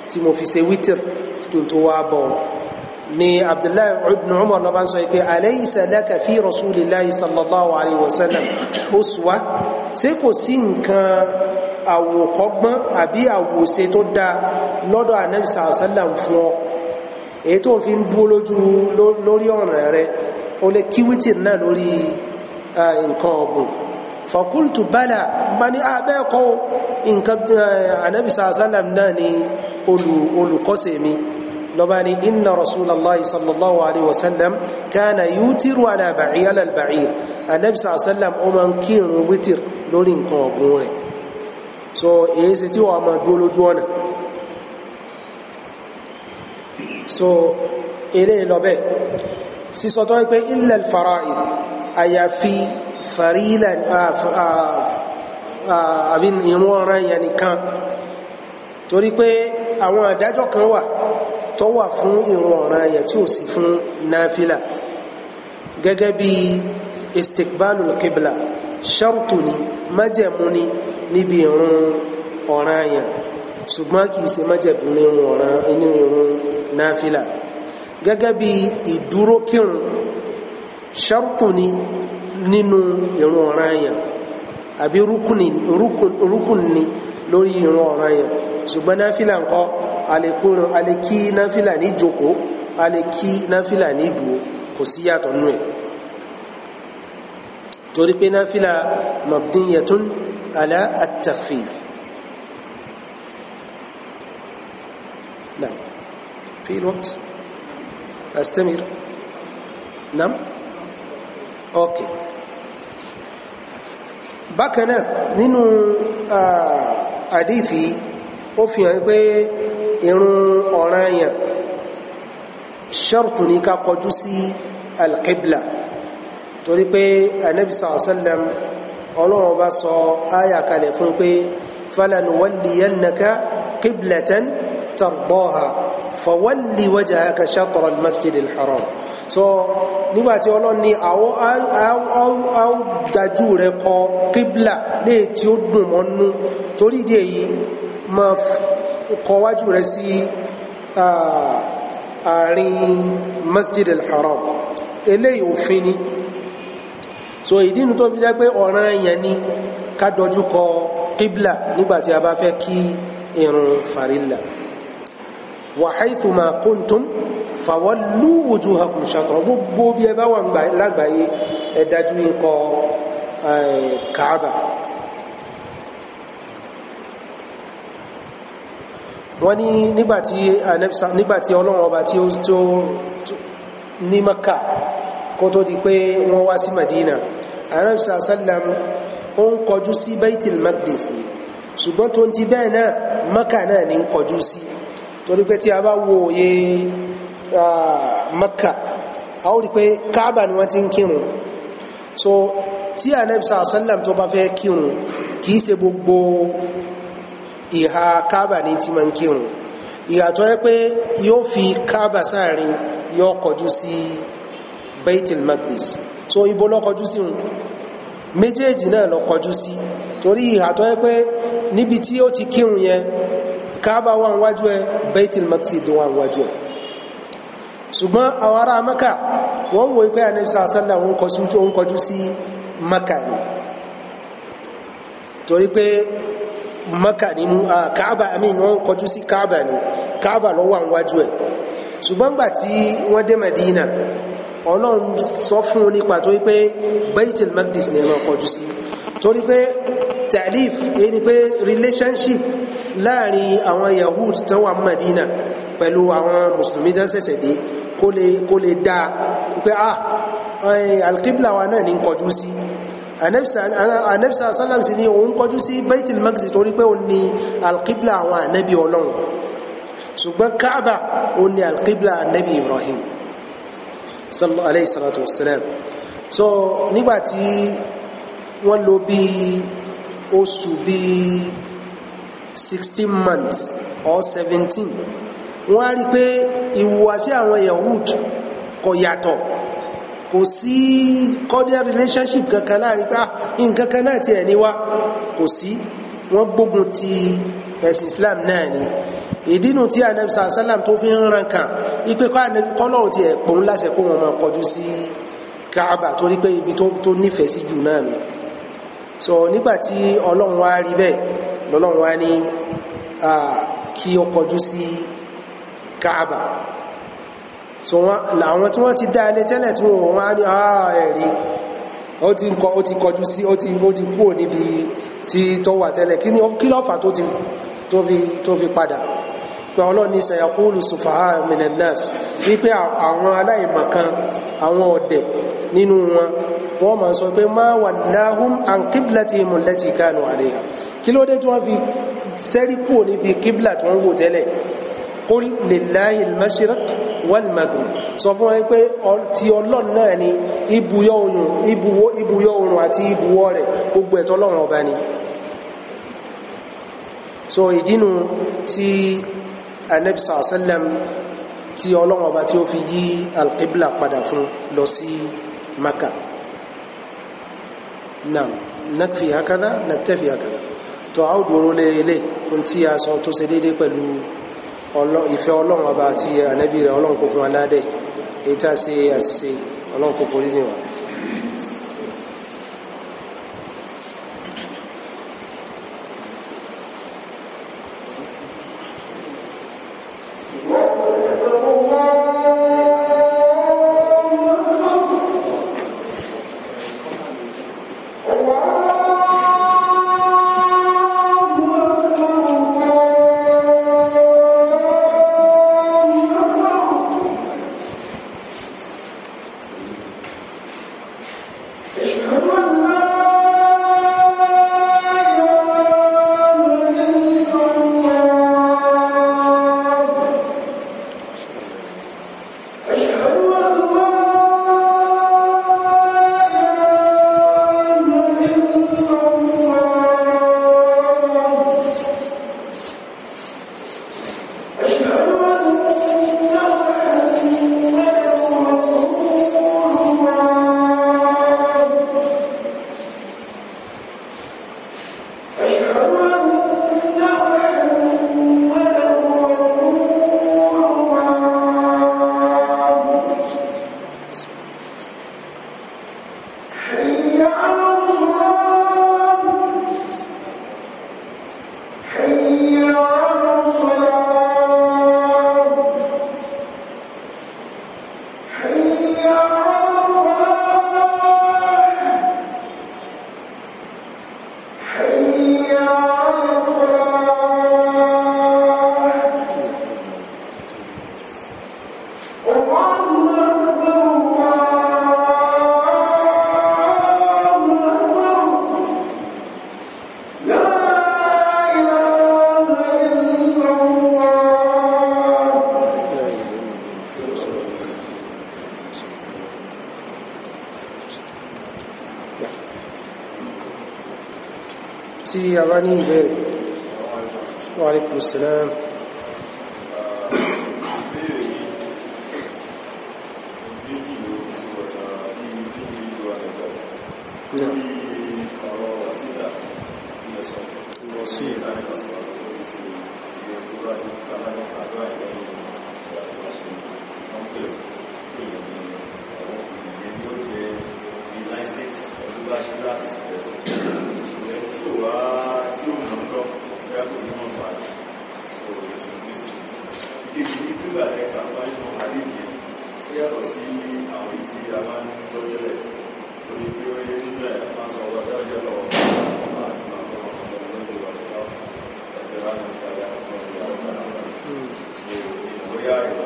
tí mo fi ṣe wítìr kí n tó wá bọ̀ ni abdullahi ibn umar ló sọ pé alaysa laka fi rasulillahi sallallahu alayhi wa sallam uswa ṣé kò sí nǹkan àwòkọ́gbọ́n àbí àwòṣe tó dáa lọ́dọ̀ anabi sallam fún ọ èyí tó fi ń dúró lójú lórí ọ̀ràn rẹ o lè kíwìtì náà lórí nǹkan ọ̀gùn fakultu bala ma ní abẹ́ẹ̀kọ́ ah, nǹkan anabisa asalam náà ni olùkọ́sẹ̀ mi lọ́ba ni inna rasulallah sallallahu alaihi wasallam kana yutiru ala ba'ir ala ba'ir anabisa asalam ó máa ń kírun witir lórí nǹkan ọ̀gùn rẹ̀ so èyí ṣe tí wọ́n máa dúró so eré lọ bẹ́ẹ̀ sísọ tó wípé illa al-fara'id àyàfi fàrílà àbí ìrún ọ̀ràn yẹn nìkan torí pé àwọn àdájọ́ kan wà tó wà fún ìrún ọ̀ràn yẹn tí ò sí fún náfìlà gẹ́gẹ́ bí istikbalul qibla ṣartu ni májẹ̀mú ni níbi ìrún ọ̀ràn yẹn ṣùgbọ́n kìí ṣe májẹ̀mú ní ìrún ọ̀ràn inú ìrún náfìlà gẹ́gẹ́ bí ìdúró ṣartu ni nínú ìrun ọ̀ràn yẹn àbí rúkùn ni lórí ìrun ọ̀ràn yẹn ṣùgbọ́n náfìlà ńkọ́ alẹ́kùnrin alẹ́kí náfìlà ní jókòó alẹ́kí náfìlà ní dúró kò sí yàtọ̀ nú ẹ̀ torí pé náfìlà mabdiyatun ala at نعم في الوقت استمر. نعم ok bákanáà nínú àdífì ó fi hàn pé irun ọ̀ranyàn ṣọ́rùtù ní ká kọjú sí alqibla torí pé anabi sàásẹ́lẹ̀m ọlọ́run bá sọ áyà kalẹ̀ fún pé falanuwalliyannaka qiblatan tardaha fawalli wajhaka shatra almasjid alharam so nígbàtí ọlọ́run ní àwọ̀ dájú rẹ̀ kọ kíblà lè tí ó dùn mọ́nú torí ìdí èyí ma kọ wájú rẹ̀ sí àárín masjid al-haram eléyìí òfin ni so ìdí inú tó fi jẹ́ pé ọ̀ràn èèyàn ni ká dojú kọ kíblà nígbàtí a bá fẹ́ kí irun farilla wa haythu ma kuntum fawallu wujuhakum shatrahu gbogbo bí ẹ bá wà lágbàáyé ẹ dájú ikọ̀ eh, Kaaba wọ́n ní nígbàtí anẹ́bísà nígbàtí ọlọ́run ọba tí ó tó ní Maka kó tó di pé wọ́n wá sí Madina anẹ́bísà sallam ó ń kọjú sí Baitul Maqdis ni ṣùgbọ́n tó ti bẹ́ẹ̀ náà Maka náà ní ń kọjú sí si torí pé tí a bá wo òye Mẹ́kà a ó rí pé káàbà ni wọ́n ti ń kírun so tí Ànábì sàásánlám tó bá fẹ́ kírun kìí ṣe gbogbo ìhà káàbà ní ti máa ń kírun ìyàtọ̀ yẹ pé yóò fi káàbà sáàrin yóò kọjú sí Baitul Maqdis so ibo ló kọjú sí wọn méjèèjì náà ló kọjú sí torí ìhà yẹ pé níbi tí ó ti kírun yẹn kaaba wà níwájú ẹ baitul maqdis wà níwájú ẹ ṣùgbọ́n àwọn ará maka wọ́n wo ipẹ́ anẹ́bísà sálà wọ́n kọjú sí maka ni torí pé maka ni mú kaaba amin wọ́n kọjú sí kaaba ni kaaba ló wà níwájú ẹ ṣùgbọ́n gbà tí wọ́n madina ọlọ́run sọ fún un nípa torí pé baitul maqdis ni ẹ máa kọjú sí torí pé talif èyí ni pé relationship láàrin àwọn yahud tán wà Madina pẹ̀lú àwọn mùsùlùmí tán ṣẹ̀ṣẹ̀ dé kó lè kó lè dá pé ah eh, alqibla wa náà ní kọjú sí anẹ́bìsà sálàm sí ni òun kọjú sí Baitul Maqdis torí pé òun ni alqibla àwọn ànẹ́bì ọlọ́run ṣùgbọ́n Kaaba òun ni alqibla ànẹ́bì Ibrahim so nígbàtí wọ́n lò bí oṣù bíi sixteen months or seventeen wọ́n á rí i pé ìhùwàsí àwọn yahud kò yàtọ̀ kò sí cordial relationship kankan láàrin pé ah, nǹkan kan náà tiẹ̀ ní wá kò sí wọ́n gbógun ti ẹ̀sìn islam náà ni ìdínú tí anabi sàlá sàlám tó fi ń ran kan ipe kọ́ anabi kọ́lọ́run tiẹ̀ pòun láṣẹ kó wọn máa kọjú sí káàbà torí pé ibi tó nífẹ̀ẹ́ sí jù náà ni so nígbà tí ọlọ́run wá rí bẹ́ẹ̀ lọ́lọ́run wá ní kí ó kọjú sí káàbà so àwọn tí wọ́n ti dá ẹni tẹ́lẹ̀ tí wọ́n wá ní ẹ̀rí ó ti kọ ó ti kọjú sí ó ti ó ti kúrò níbi tí tó wà tẹ́lẹ̀ kí ni kí ló fà tó ti tó fi tó fi padà pé ọlọ́ni sayakulu sufaha minanas wípé àwọn aláìmọ̀kan àwọn ọ̀dẹ̀ nínú wọn wọ́n máa sọ pé ma wallahum an qiblatihim allati kanu alayha kí ló dé tí wọ́n fi sẹ́rí kúrò níbi kíblà tí wọ́n wò tẹ́lẹ̀ qul lillahi al-mashriq wal-maghrib sọ fún wọn pé ti ọlọ́run náà ni ibùyọ oòrùn ibùwọ̀ oòrùn àti ibùwọ̀ rẹ̀ gbogbo ẹ̀tọ́ ọlọ́run ọba ni so ìdínú tí anabi sàásẹ́lẹ̀m tí ọlọ́run ọba tí ó fi yí al-qibla padà fún lọ sí maka naam nakfi hakada naktafi hakada tó a ó dúró lé ilé ohun tí a sọ tó ṣe déédéé pẹ̀lú ìfẹ́ ọlọ́run ọba àti ànábì rẹ̀ ọlọ́run kò fún aládẹ́ èyí tá a ṣe àṣìṣe ọlọ́run kò forí nígbà tẹ kà fún àyùmọ àdéhùn yẹn ó yàtọ̀ sí àwọn èyí tí lọ́jọ́ rẹ̀ torí pé ó yẹ nínú ẹ̀ máa sọ ọwọ́ tẹ́ ọjọ́ lọ́wọ́ ọmọ àti màmá ọmọ ọmọ ọmọ ọmọ ọmọ ọmọ ọmọ ọmọ ọmọ ọmọ ọmọ ọmọ ọmọ ọmọ ọmọ ọmọ ọmọ ọmọ ọmọ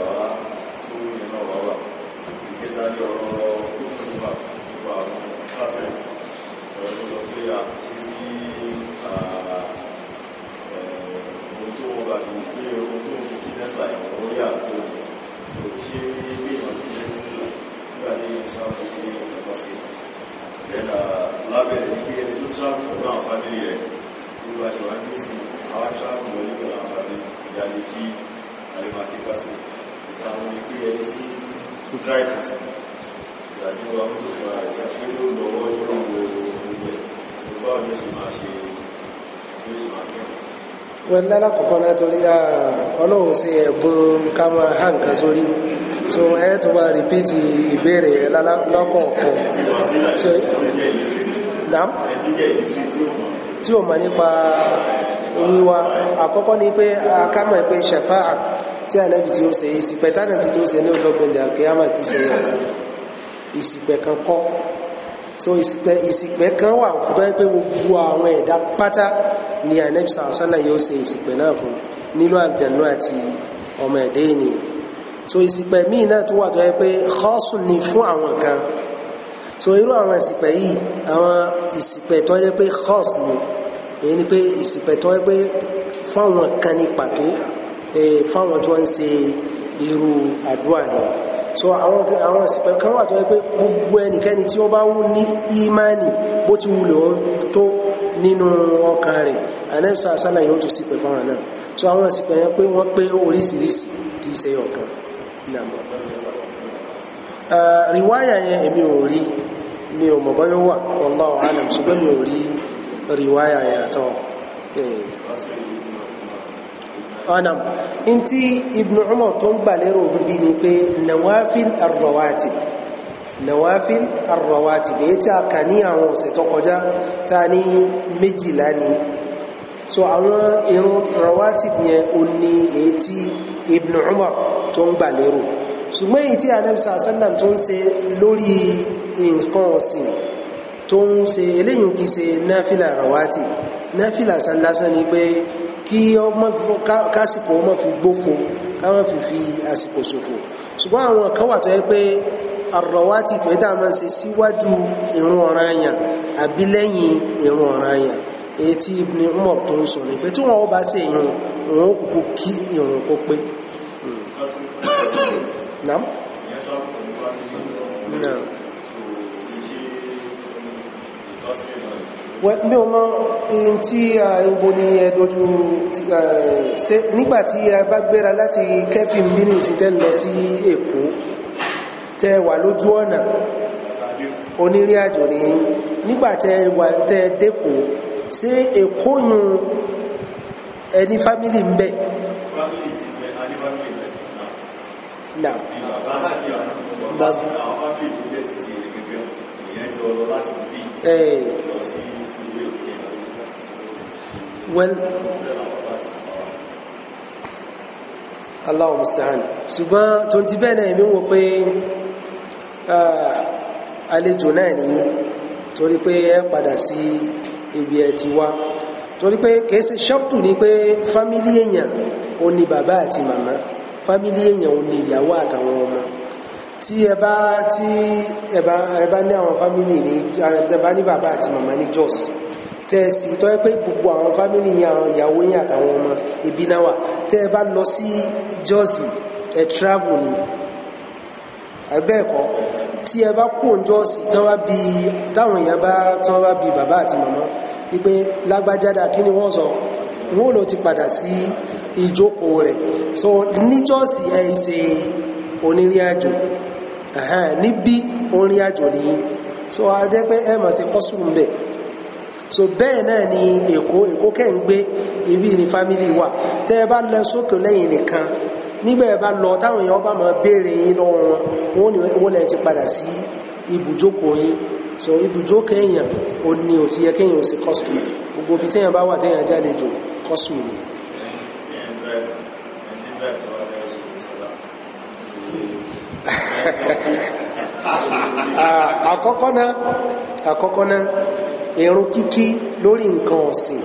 tó drive it ìgbà tí wọ́n mú tó fara ẹ̀ tí a lára kọ̀ọ̀kan náà torí ọlọ́run ṣe ẹ̀bùn ká máa sórí so ẹ tó wá rìpíìtì ìbéèrè ẹ lọ́kọ̀ọ̀kan so dam tí o mọ̀ nípa wíwá àkọ́kọ́ ni pé a ká mọ̀ pé ṣàfáà tí ànábì tí ó ṣe ìsìpẹ̀ tí ànábì tí ó ṣe ní ọjọ́ gbẹ̀ndẹ̀ alkiyama kì í ṣe yàrá ìsìpẹ̀ kan kọ́ so ìsìpẹ̀ ìsìpẹ̀ kan wà bẹ́ẹ̀ pé gbogbo àwọn ẹ̀dá pátá ni ànábì sàásánà yóò ṣe ìsìpẹ̀ náà fún nínú àlùjànnú àti ọmọ ẹ̀dẹ́ ènìyàn so ìsìpẹ̀ míì náà tún wà tó yẹ pé kọ́ọ̀sùn ni fún àwọn kan so irú àwọn ìsìpẹ̀ yìí àwọn ìsìpẹ̀ tó yẹ pé kọ́ọ̀sùn ni èyí ni pé ìsìpẹ̀ tó yẹ pé fún àwọn kan ní pàtó fáwọn tí wọ́n ń ṣe irú àdúrà yẹn so àwọn àwọn ìsìnkú kan wà tó yẹ pé gbogbo ẹnikẹ́ni tí ó bá wù ní ìmánì bó ti wulò tó nínú ọkàn rẹ̀ anẹ́bísà sálà yóò tún sípẹ̀ fáwọn náà so àwọn ìsìnkú yẹn pé wọ́n pé oríṣiríṣi kì í ṣe ọ̀kan ìlànà riwaya yẹn èmi ò rí mi ò mọ̀ bọ́yọ́ wà wallahu alam ṣùgbọ́n mi ò rí riwaya yẹn àtọ́ anam ntí ibnu umar tó ń gbàlérò bíbí ni pé nawafil arrawati nawafil arrawati bẹ́ẹ̀ tí a kà ní àwọn ọ̀sẹ̀ tó kọjá ta ní méjìlá ni so àwọn irun rawati yẹn ó ní èyí tí ibnu umar tó ń gbàlérò ṣùgbọ́n èyí tí anamsa sallam tó ń ṣe lórí nǹkan ọ̀sìn tó ń ṣe eléyìí kì í ṣe rawati náfìlà sallásán ni pé kí ọmọ kásìkò ọmọ fi gbófo káwọn fi fi àsìkò ṣòfò ṣùgbọ́n àwọn kan wà tó yẹ pé àrọ̀wá ti pẹ́ tá a máa ń ṣe síwájú ìrun ọ̀ràn àyàn àbí lẹ́yìn ìrun ọ̀ràn àyàn èyí tí Ibn Umar tó ń sọ ni pé tí wọn ó bá ṣe ìrun òun ó kí ìrun kó pé. Hmm. Naam. mi ò mọ in tí a ìbò ní ẹ̀dọ́jú nígbàtí a bá gbéra láti kẹfìn bínú sí tẹ́ lọ sí Èkó tẹ wà lójú ọ̀nà onírìn àjò ní nígbàtẹ wà tẹ dẹ́kò ṣé Èkó yùn ẹni fámílì ń bẹ láti bí lọ well Allahu musta'an ṣùgbọ́n tó ti bẹ́ẹ̀ náà èmi wò pé àlejò náà nìyí torí pé ẹ padà sí ibi ẹ ti wá torí pé kìí ṣe ṣọ́pù ni pé fámílì èèyàn ò ní bàbá àti màmá fámílì èèyàn ò ní ìyàwó àtàwọn ọmọ tí ẹ bá tí ẹ bá ní àwọn fámílì ní ẹ bá ní bàbá àti màmá ní Jos tẹ́ẹ̀sì tó yẹ pé gbogbo àwọn fámìlì yẹn àwọn ìyàwó yẹn àtàwọn ọmọ ẹbí náà wà tẹ́ ẹ bá lọ sí jọ́sì ẹ travel ni àbẹ́ẹ̀kọ́ tí ẹ bá kú òǹjọ́sì táwọn èèyàn bá tán bá bi bàbá àti màmá wípé lágbájáda kí ni wọ́n sọ wọ́n ló ti padà sí ìjókòó rẹ̀ so ní jọ́sì ẹ ṣe onírìn àjò níbí onírìn àjò nìyí so a jẹ́ pé ẹ mà ṣe kọ́sùn bẹ́ẹ̀ so bẹ́ẹ̀ náà ni èkó èkó kẹ́ ń gbé ibi ni fámìlì wà tẹ́ ẹ bá lọ sókè lẹ́yìn nìkan nígbà ẹ bá lọ táwọn èèyàn bá máa béèrè yín lọ́wọ́ wọn wọn ni wọ́n lẹ́ ti padà sí ibùjókòó yín so ibùjókòó èèyàn ò ní ò ti yẹ kéèyàn ò sí kọ́sùmù gbogbo ibi téèyàn bá wà téèyàn jáde dùn kọ́sùmù [LAUGHS] ah, àkọ́kọ́ náà àkọ́kọ́ náà irun kíkí lórí nǹkan ọ̀sìn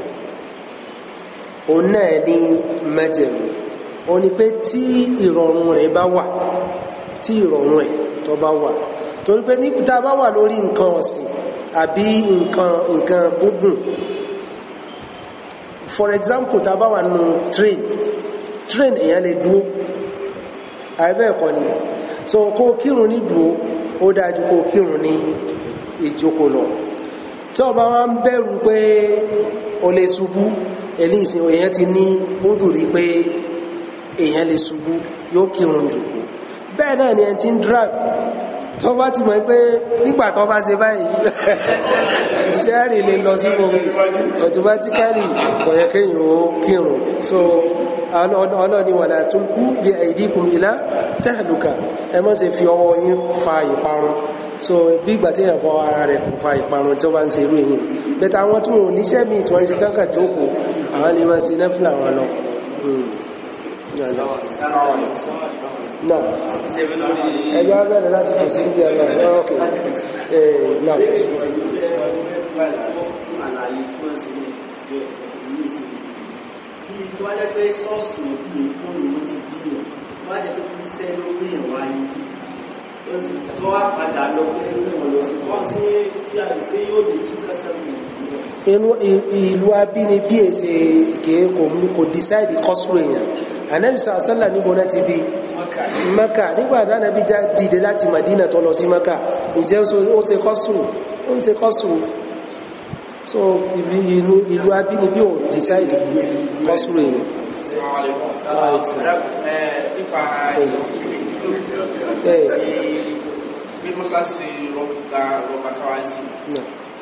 òun náà ni májẹ̀mú ó ní pé tí ìrọ̀rùn rẹ̀ bá wà tí ìrọ̀rùn rẹ̀ tó bá wà torí pé níta bá wà lórí nǹkan ọ̀sìn àbí nǹkan nǹkan gúngùn for example ta bá wà nù train train èèyàn lè dúró àìbẹ́ẹ̀kọ́ ni so kó kírun ní dúró ó dájú kó kírun ní ìjókòó lọ tí ọba wa ń bẹ̀rù pé o lè ṣubú èlé ìsìn èèyàn ti ní múdùrí pé èèyàn lè ṣubú yóò kírun jùkú bẹ́ẹ̀ náà ni ẹni tí ń drive tó bá ti mọ̀ pé nígbà tó bá ṣe báyìí sẹ́ẹ̀rì [LAUGHS] lè lọ sí gbogbo automatically kò yẹ kéèyàn ó kírun so ọlọ́ni wala tulqu bi aydikum ila tahluka ẹ má ṣe fi ọwọ́ yín fa ìparun so bí ìgbà tí èèyàn fọ ara rẹ̀ kò fa ìparun tí ó bá ń ṣe irú èyí bẹ́ẹ̀ táwọn tí wọn ò níṣẹ́ míì tí wọ́n ń ṣe táǹkà jókòó àwọn lè máa ṣe nẹ́fìlà wọn lọ. Hmm. náà oh, eh, pé ṣọ́ọ̀ṣì òbí èkó wọ́n ti bí yẹn wọ́n pé kí iṣẹ́ ló gbé yẹn kọ́ wá padà lọ pé wọn lọ sí wọn sí yà sí yóò lè tún kásán mi. ìlú abínibí èsè kìí kò mú kò decide kọ́sùn èèyàn anamisa asala níbo náà ti bí maka nígbà tí anabi já dìde láti madina tó lọ sí maka ìjẹ́ ó ṣe kọ́sùn ó ń ṣe so ìlú ìlú abínibí ò decide kọ́sùn èèyàn. Hey mọ́sálásí rọ́bà rọ́bà káwá ń sìn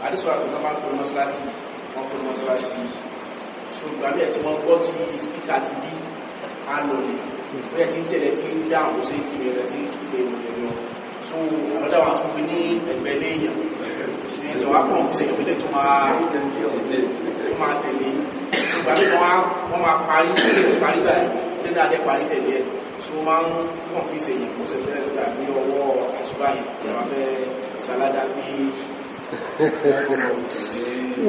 àdísọ́ àgbà máa ń pè mọ́sálásí wọ́n so ìgbà bí ẹ ti wọ́n gbọ́ ti spíkà ti bí a lọ ni bí ẹ ti ń tẹ̀lé kiri rẹ̀ ti ń pè wọn so àwọn dáwọn tó fi ní ẹgbẹ́ léèyàn so yẹn lọ́wọ́ kàn fún sẹ́yìn ìpínlẹ̀ tó máa tó máa tẹ̀lé ìgbà bí wọ́n máa parí parí báyìí nígbà dé parí tẹ̀lé ẹ̀ so máa ń kàn fi ṣe yẹn kó ṣe fẹ́ gbà bí ọwọ́ àṣùbà yẹn kí fẹ́ ṣàládà bí [LAUGHS]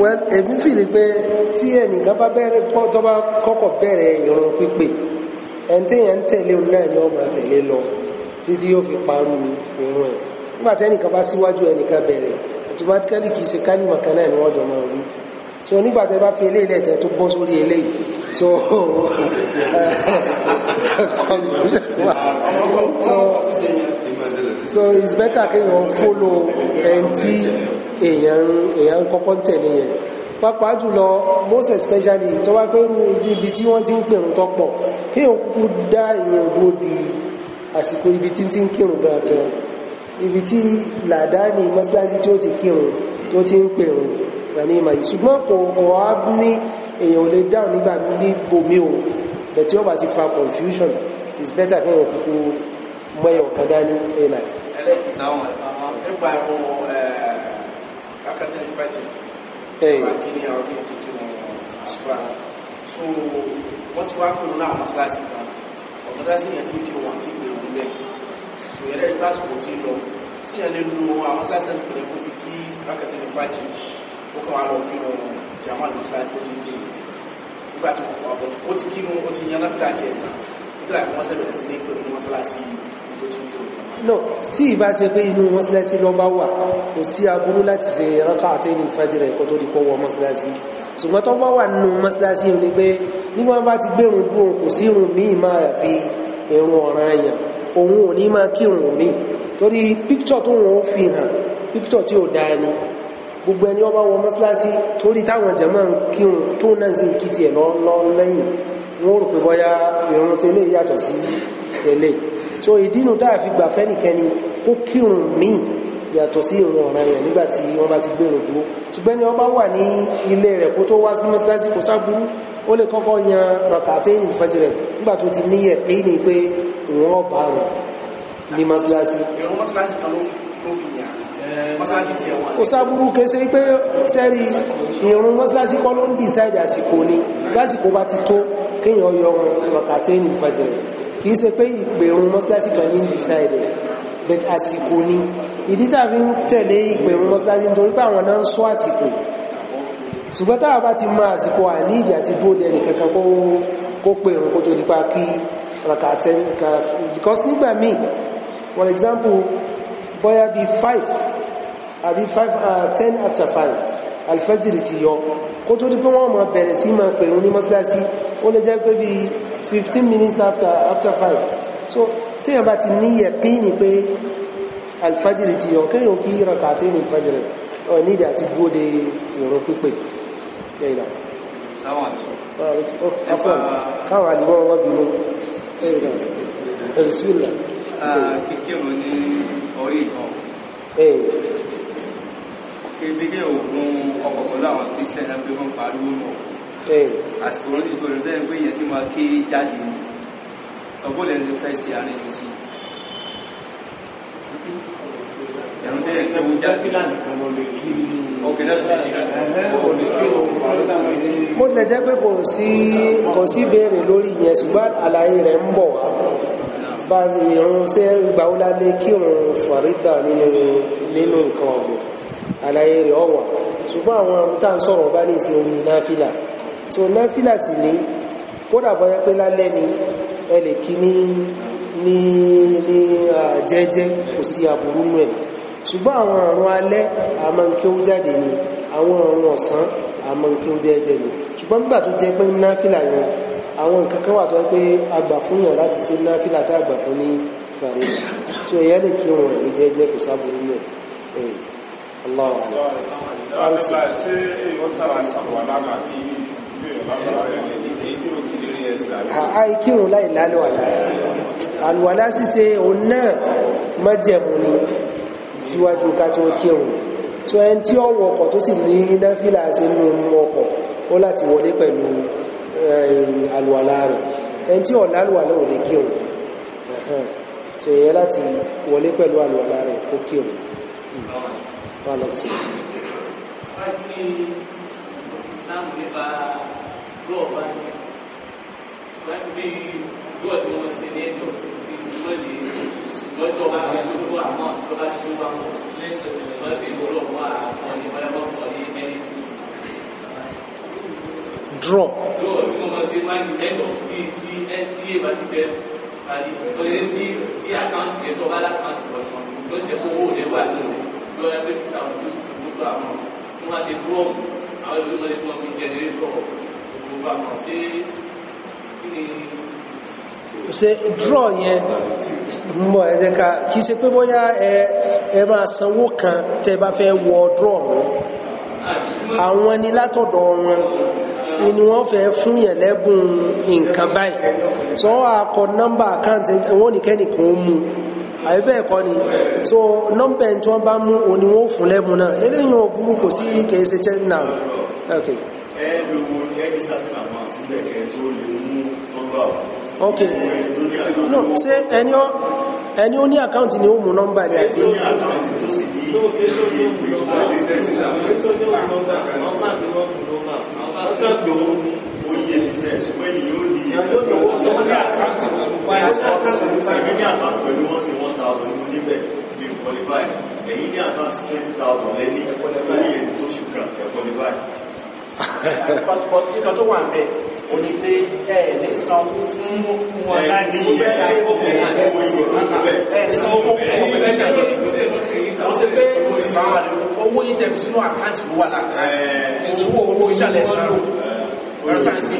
well èmi fìlì pé tí ẹnìkan bá bẹ̀rẹ̀ tó bá kọ́kọ́ bẹ̀rẹ̀ ìrun pípé ẹni téèyàn ń tẹ̀lé òun náà ni wọ́n máa tẹ̀lé lọ títí yóò fi parú ìrun ẹ̀ nígbà tí ẹnìkan bá síwájú ẹnìkan bẹ̀rẹ̀ automatically kì í ṣe kálímà kan náà ni wọ́n jọ máa wí so nígbà tí ẹ bá fi eléyìí lẹ̀ tẹ́ tó bọ́ sórí eléyìí so. [LAUGHS] [LAUGHS] so so it's better kéèyàn follow ẹntì èèyàn èèyàn kọ́kọ́ tẹ̀lé yẹn pàápàá jùlọ most especially tó wá pé ojú ibi tí wọ́n ti ń pèrún tó pọ̀ kéèyàn kúkú dá èèyàn dúró di àsìkò ibi tí ti ń kírun gangan ibi tí làdáni mọ́sálásí tí ó ti kírun tó ti ń pèrún ìfàní ìmọ̀ yìí ṣùgbọ́n kò wá ní èèyàn ò lè dáhùn nígbà ní bòmí o bẹ̀ tí ó bá ti fa confusion it's better kí wọ́n kúkú mọ́yọ̀ kan dání ẹ̀là. ẹlẹ́kìsà wọn nípa ẹ̀hún akátẹ́lẹ̀ fẹ́jì kíní àwọn kí kíkí wọn àṣùpá so wọ́n ti wá pẹ̀lú náà mọ́sálásí kan ọ̀mọ́sálásí yẹn ti kí wọn àti ìgbèrú bẹ́ẹ̀ so ẹ̀rẹ́ ìgbàsùkò ti lọ sí yẹn lè lo àwọn mọ́sálásí náà ti pẹ̀lú kó fi kí akátẹ́lẹ̀ fẹ́jì ó kàn wá lọ kí wọn jàmọ́ àlọ́sálásí ó ti kí wọn nígbà tí wọ́n pàbọ̀ ó ti kírun ó ti yan náfìlà àti ẹ̀ka nígbà tí wọ́n ṣe bẹ̀rẹ̀ sí ní pé inú o tó tún no tí ìbá ṣe pé inú mọ́sálásí lọ bá wà kò sí aburú láti ṣe rákà àti ní fàjìrì ẹ̀kọ́ tó di kọ́ wọ mọ́sálásí ṣùgbọ́n tó bá wà nínú mọ́sálásí ni pé nígbà bá ti gbérun dúró kò sí irun míì máa fi irun ọ̀ràn àyàn òun ò ní máa kírun míì torí píkítọ̀ tó wọn fi hàn píkítọ̀ tí ò dáa ni gbogbo ẹni ọba wọ mọ́sálásí torí táwọn jàmáà ń kírun tó náà sì ń kí tiẹ̀ lọ lọ lẹ́yìn wọn rò pé bọ́yá ìrun tẹ́lẹ̀ yàtọ̀ sí tẹ́lẹ̀ so ìdínú tá a fi gbà fẹ́nìkẹ́ni ó kírun míì yàtọ̀ sí ìrun ọ̀ràn yẹn nígbà tí wọ́n bá ti gbèrò dúró ṣùgbọ́n ni ọba wà ní ilé rẹ̀ kó tó wá sí mọ́sálásí kò sábúrú ó lè kọ́kọ́ yan rak'atayn al-fajr nígbà tó ti níyẹ̀ èyí kò sáburú kése pé sẹ́rí ìrún mọ́sálásí kọ́ ló ń decide àsìkò ni lásìkò bá ti tó kéèyàn yọ ọrùn ọ̀kàtẹ́ ní ìfàjẹ̀rẹ̀ kìí ṣe pé ìpèrún mọ́sálásí kan ní decide but àsìkò ni ìdí tàbí ń tẹ̀lé ìpèrún mọ́sálásí nítorí pé àwọn náà ń sọ àsìkò ṣùgbọ́n táwa bá ti mọ àsìkò àníìdì àti dúró dẹni kankan kó pèrún kó tó nípa kí ọ̀kàtẹ́ because nígbà míì for example bóyá bíi five àbí five uh, ten after five alifajiri ti yọ kó tó di pé wọ́n máa bẹ̀rẹ̀ sí máa pè ní mọ́síláṣí ó lè jẹ́ pé bí fifteen minutes after after five so téèyàn bá ti ní yẹ̀kí ni pé alifajiri ti yọ kéèyàn kí rọ̀kà àti ní alifajiri ọ̀ nídìí àti gbóde ìrún pípé ẹ̀yìn náà. sáwọn àti káwọn àdìgbò wọn bínú ẹ̀rù sílẹ̀. kíkẹ́ mo ní orí ìkan ebi kí òògùn ọkọ̀ sọ́dọ̀ àwọn kristian náà pé wọ́n pariwo mọ̀ àsìkò wọn ti gbọdọ̀ bẹ́ẹ̀ pé ìyẹn sì máa ké jáde ni tọ́gbọ́n lẹ́nu ti fẹ́ sí àárín ìlú sí ẹ̀rọ tẹ́lẹ̀ tó ń jáde láti kan lọ lè kí ọkẹ́ náà tó lè jẹ́ pé kò sí kò sí béèrè lórí ìyẹn ṣùgbọ́n àlàyé rẹ̀ ń bọ̀ wá bá ìrún ṣé gbàwó lálé kí òun fàrídà nínú nínú nǹkan ọ̀gbìn àlàyé rẹ̀ ọ̀wà ṣùgbọ́n àwọn ohun tá à ń sọ̀rọ̀ bá ní ìsìn orí náfìlà so náfìlà sì ní kódà bọ́yá pé lálẹ́ ni ẹ kí ní ní ní jẹ́jẹ́ kò sí aburú nù ṣùgbọ́n àwọn àrùn alẹ́ àmọ́ jáde ni àwọn àrùn ọ̀sán àmọ́ kí ó jẹ́jẹ́ ni ṣùgbọ́n nígbà tó jẹ́ pé náfìlà yẹn àwọn nǹkan kan wà tó pé agbà fún yàn láti ṣe náfìlà tá àgbà fún ní fàrí tí ó yẹ lè kí wọn ẹ̀ jẹ́jẹ́ kò sábò nínú ẹ̀ Allah láì lálùwàlá àlùwàlá ṣíṣe òun náà májẹ̀mú ni síwájú ká tó kírùn tó ẹn tí ó wọkọ̀ tó sì ní náfílà sí inú ọkọ̀ ó láti wọlé pẹ̀lú eh, àlùwàlá rẹ̀ ẹn tí ó lálùwàlá ò lè kírùn tó yẹ láti wọlé pẹ̀lú àlùwàlá rẹ̀ kó kírùn Follow sí. Drop. Drop. lọ ẹgbẹ́ two thousand two to two per month wọ́n á ṣe drọ́ọ̀mù àwọn ìlú wọn lè fún ọmọ jẹnẹrétọ̀ gbogbo bá mọ̀ sí kí ni. ṣe drọ́ yẹn wọ drọ́ ọ̀hún àwọn ni látọ̀dọ̀ wọn ni wọ́n fẹ́ fún sọ akọ nọ́mbà àkáǹtì wọn nìkẹ́nìkan ó mú àbí bẹ́ẹ̀ ni so nọ́mbà tí wọ́n bá mú òní wọ́n fún lẹ́mu náà eléyìí ò kò sí kìí ṣe check ok. ok no ṣé ẹni ó ní àkáǹtì ni ó mú nọ́mbà rẹ̀ àbí. ó ní àkáǹtì tó sì ní ìwé ìjọba ní sẹ́ńtì náà ẹni tó ní nọ́mbà kan ọ̀sán ni wọ́n mú nọ́mbà ọ̀sán gbòó oyè ẹ̀sẹ̀ ṣùgbọ́n ènìyàn ó ní èmi ní advance pẹ̀lú wọ́n sí one thousand nínú níbẹ̀ mi ò qualify èyí ní advance twenty thousand lẹ́ni lórí èyí tó ṣùkà ẹ̀ qualify. ìkan tó wà ń bẹ̀ òní pé ẹ ní sanwó fún wọn láti ẹ̀ ní ẹ̀ ní sanwó fún wọn bẹ́ẹ̀ ṣe yẹ ó sì pé owó yìí tẹ̀fi sínú àkáǹtì ló wà láàkáǹtì owó owó ìṣàlẹ̀ sanwó ẹ̀rọ sáyẹ̀nsì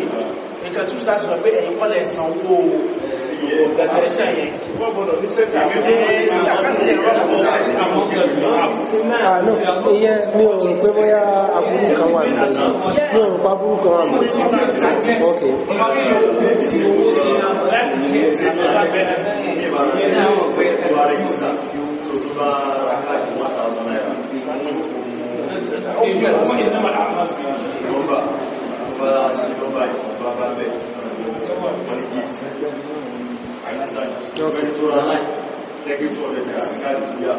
nǹkan tó ṣàṣọ pé ẹ̀yin kọ́lẹ̀ sanwó àánú ìyẹn mi ò rò pé bóyá aburú kan wà nílẹ̀ yìí mi ò rò pé aburú kan wà nílẹ̀ ok. Number, number, number, number, number, number, number, understand ẹni tó ra láì tẹ́kí tó ọ̀rẹ́ ní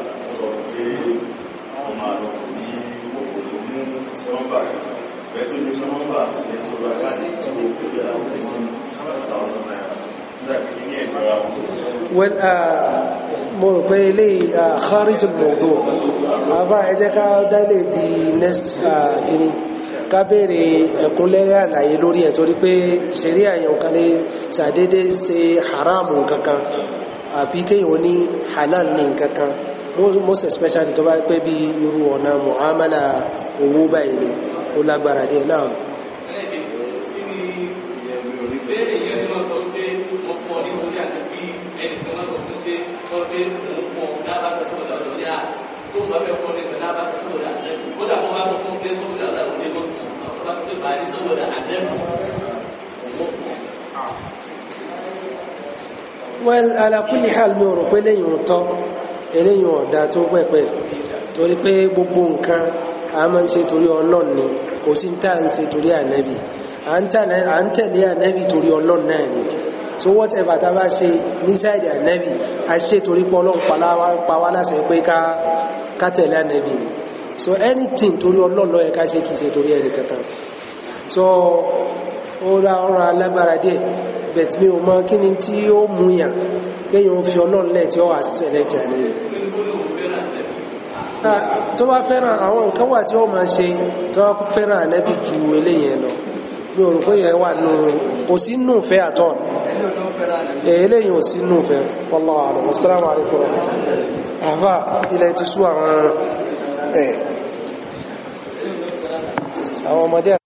mo rò pé ilé uh, kharij al-mawdu' àbá ẹ ká dá di next kìíní. Uh, ká béèrè ẹ̀kúnlẹ́rẹ́ àlàyé lórí ẹ̀ torí pé ṣeré àyàn kan lè ṣàdédé ṣe haramu kankan àbí kéèyàn ní halal ní kankan most especially tó bá pẹ́ bí irú ọ̀nà muamala owó báyìí ni ó lágbára díẹ̀ náà. well ala kulli hal mi ò rò pé lẹ́yìn ò tọ́ eléyìn ọ̀dà tó pẹ̀pẹ̀ torí pé gbogbo nǹkan a máa ń ṣe torí ọlọ́run ni kò sí tá à ń ṣe torí ànábì à ń tẹ̀lé ànábì torí ọlọ́run náà ni so whatever tá a bá ṣe ní sáìdì ànábì a ṣe torí pé ọlọ́run pa wá láṣẹ pé ká tẹ̀lé ànábì ni so anything torí ọlọ́run lọ́yẹ ká ṣe kì í ṣe torí ẹnì kankan so ó ra ọ̀rọ̀ alágbára díẹ̀ bẹ̀tí mi ò mọ kí ni tí ó mú yàn kéèyàn ó fi ọlọ́run lẹ̀ tí ó wà sẹ̀lẹ̀ tẹ̀lé rẹ̀ ah, tó bá fẹ́ràn àwọn nǹkan wà tí ó máa ṣe tó bá fẹ́ràn ànábì ju eléyẹn lọ mi ò rò pé yẹn wà nù kò sí nù fẹ́ àtọ́ eh, eléyìí ò sí nù fẹ́ wallahu a'lam assalamu alaikum àfà ilẹ̀ ti sú àwọn eh, ọmọdé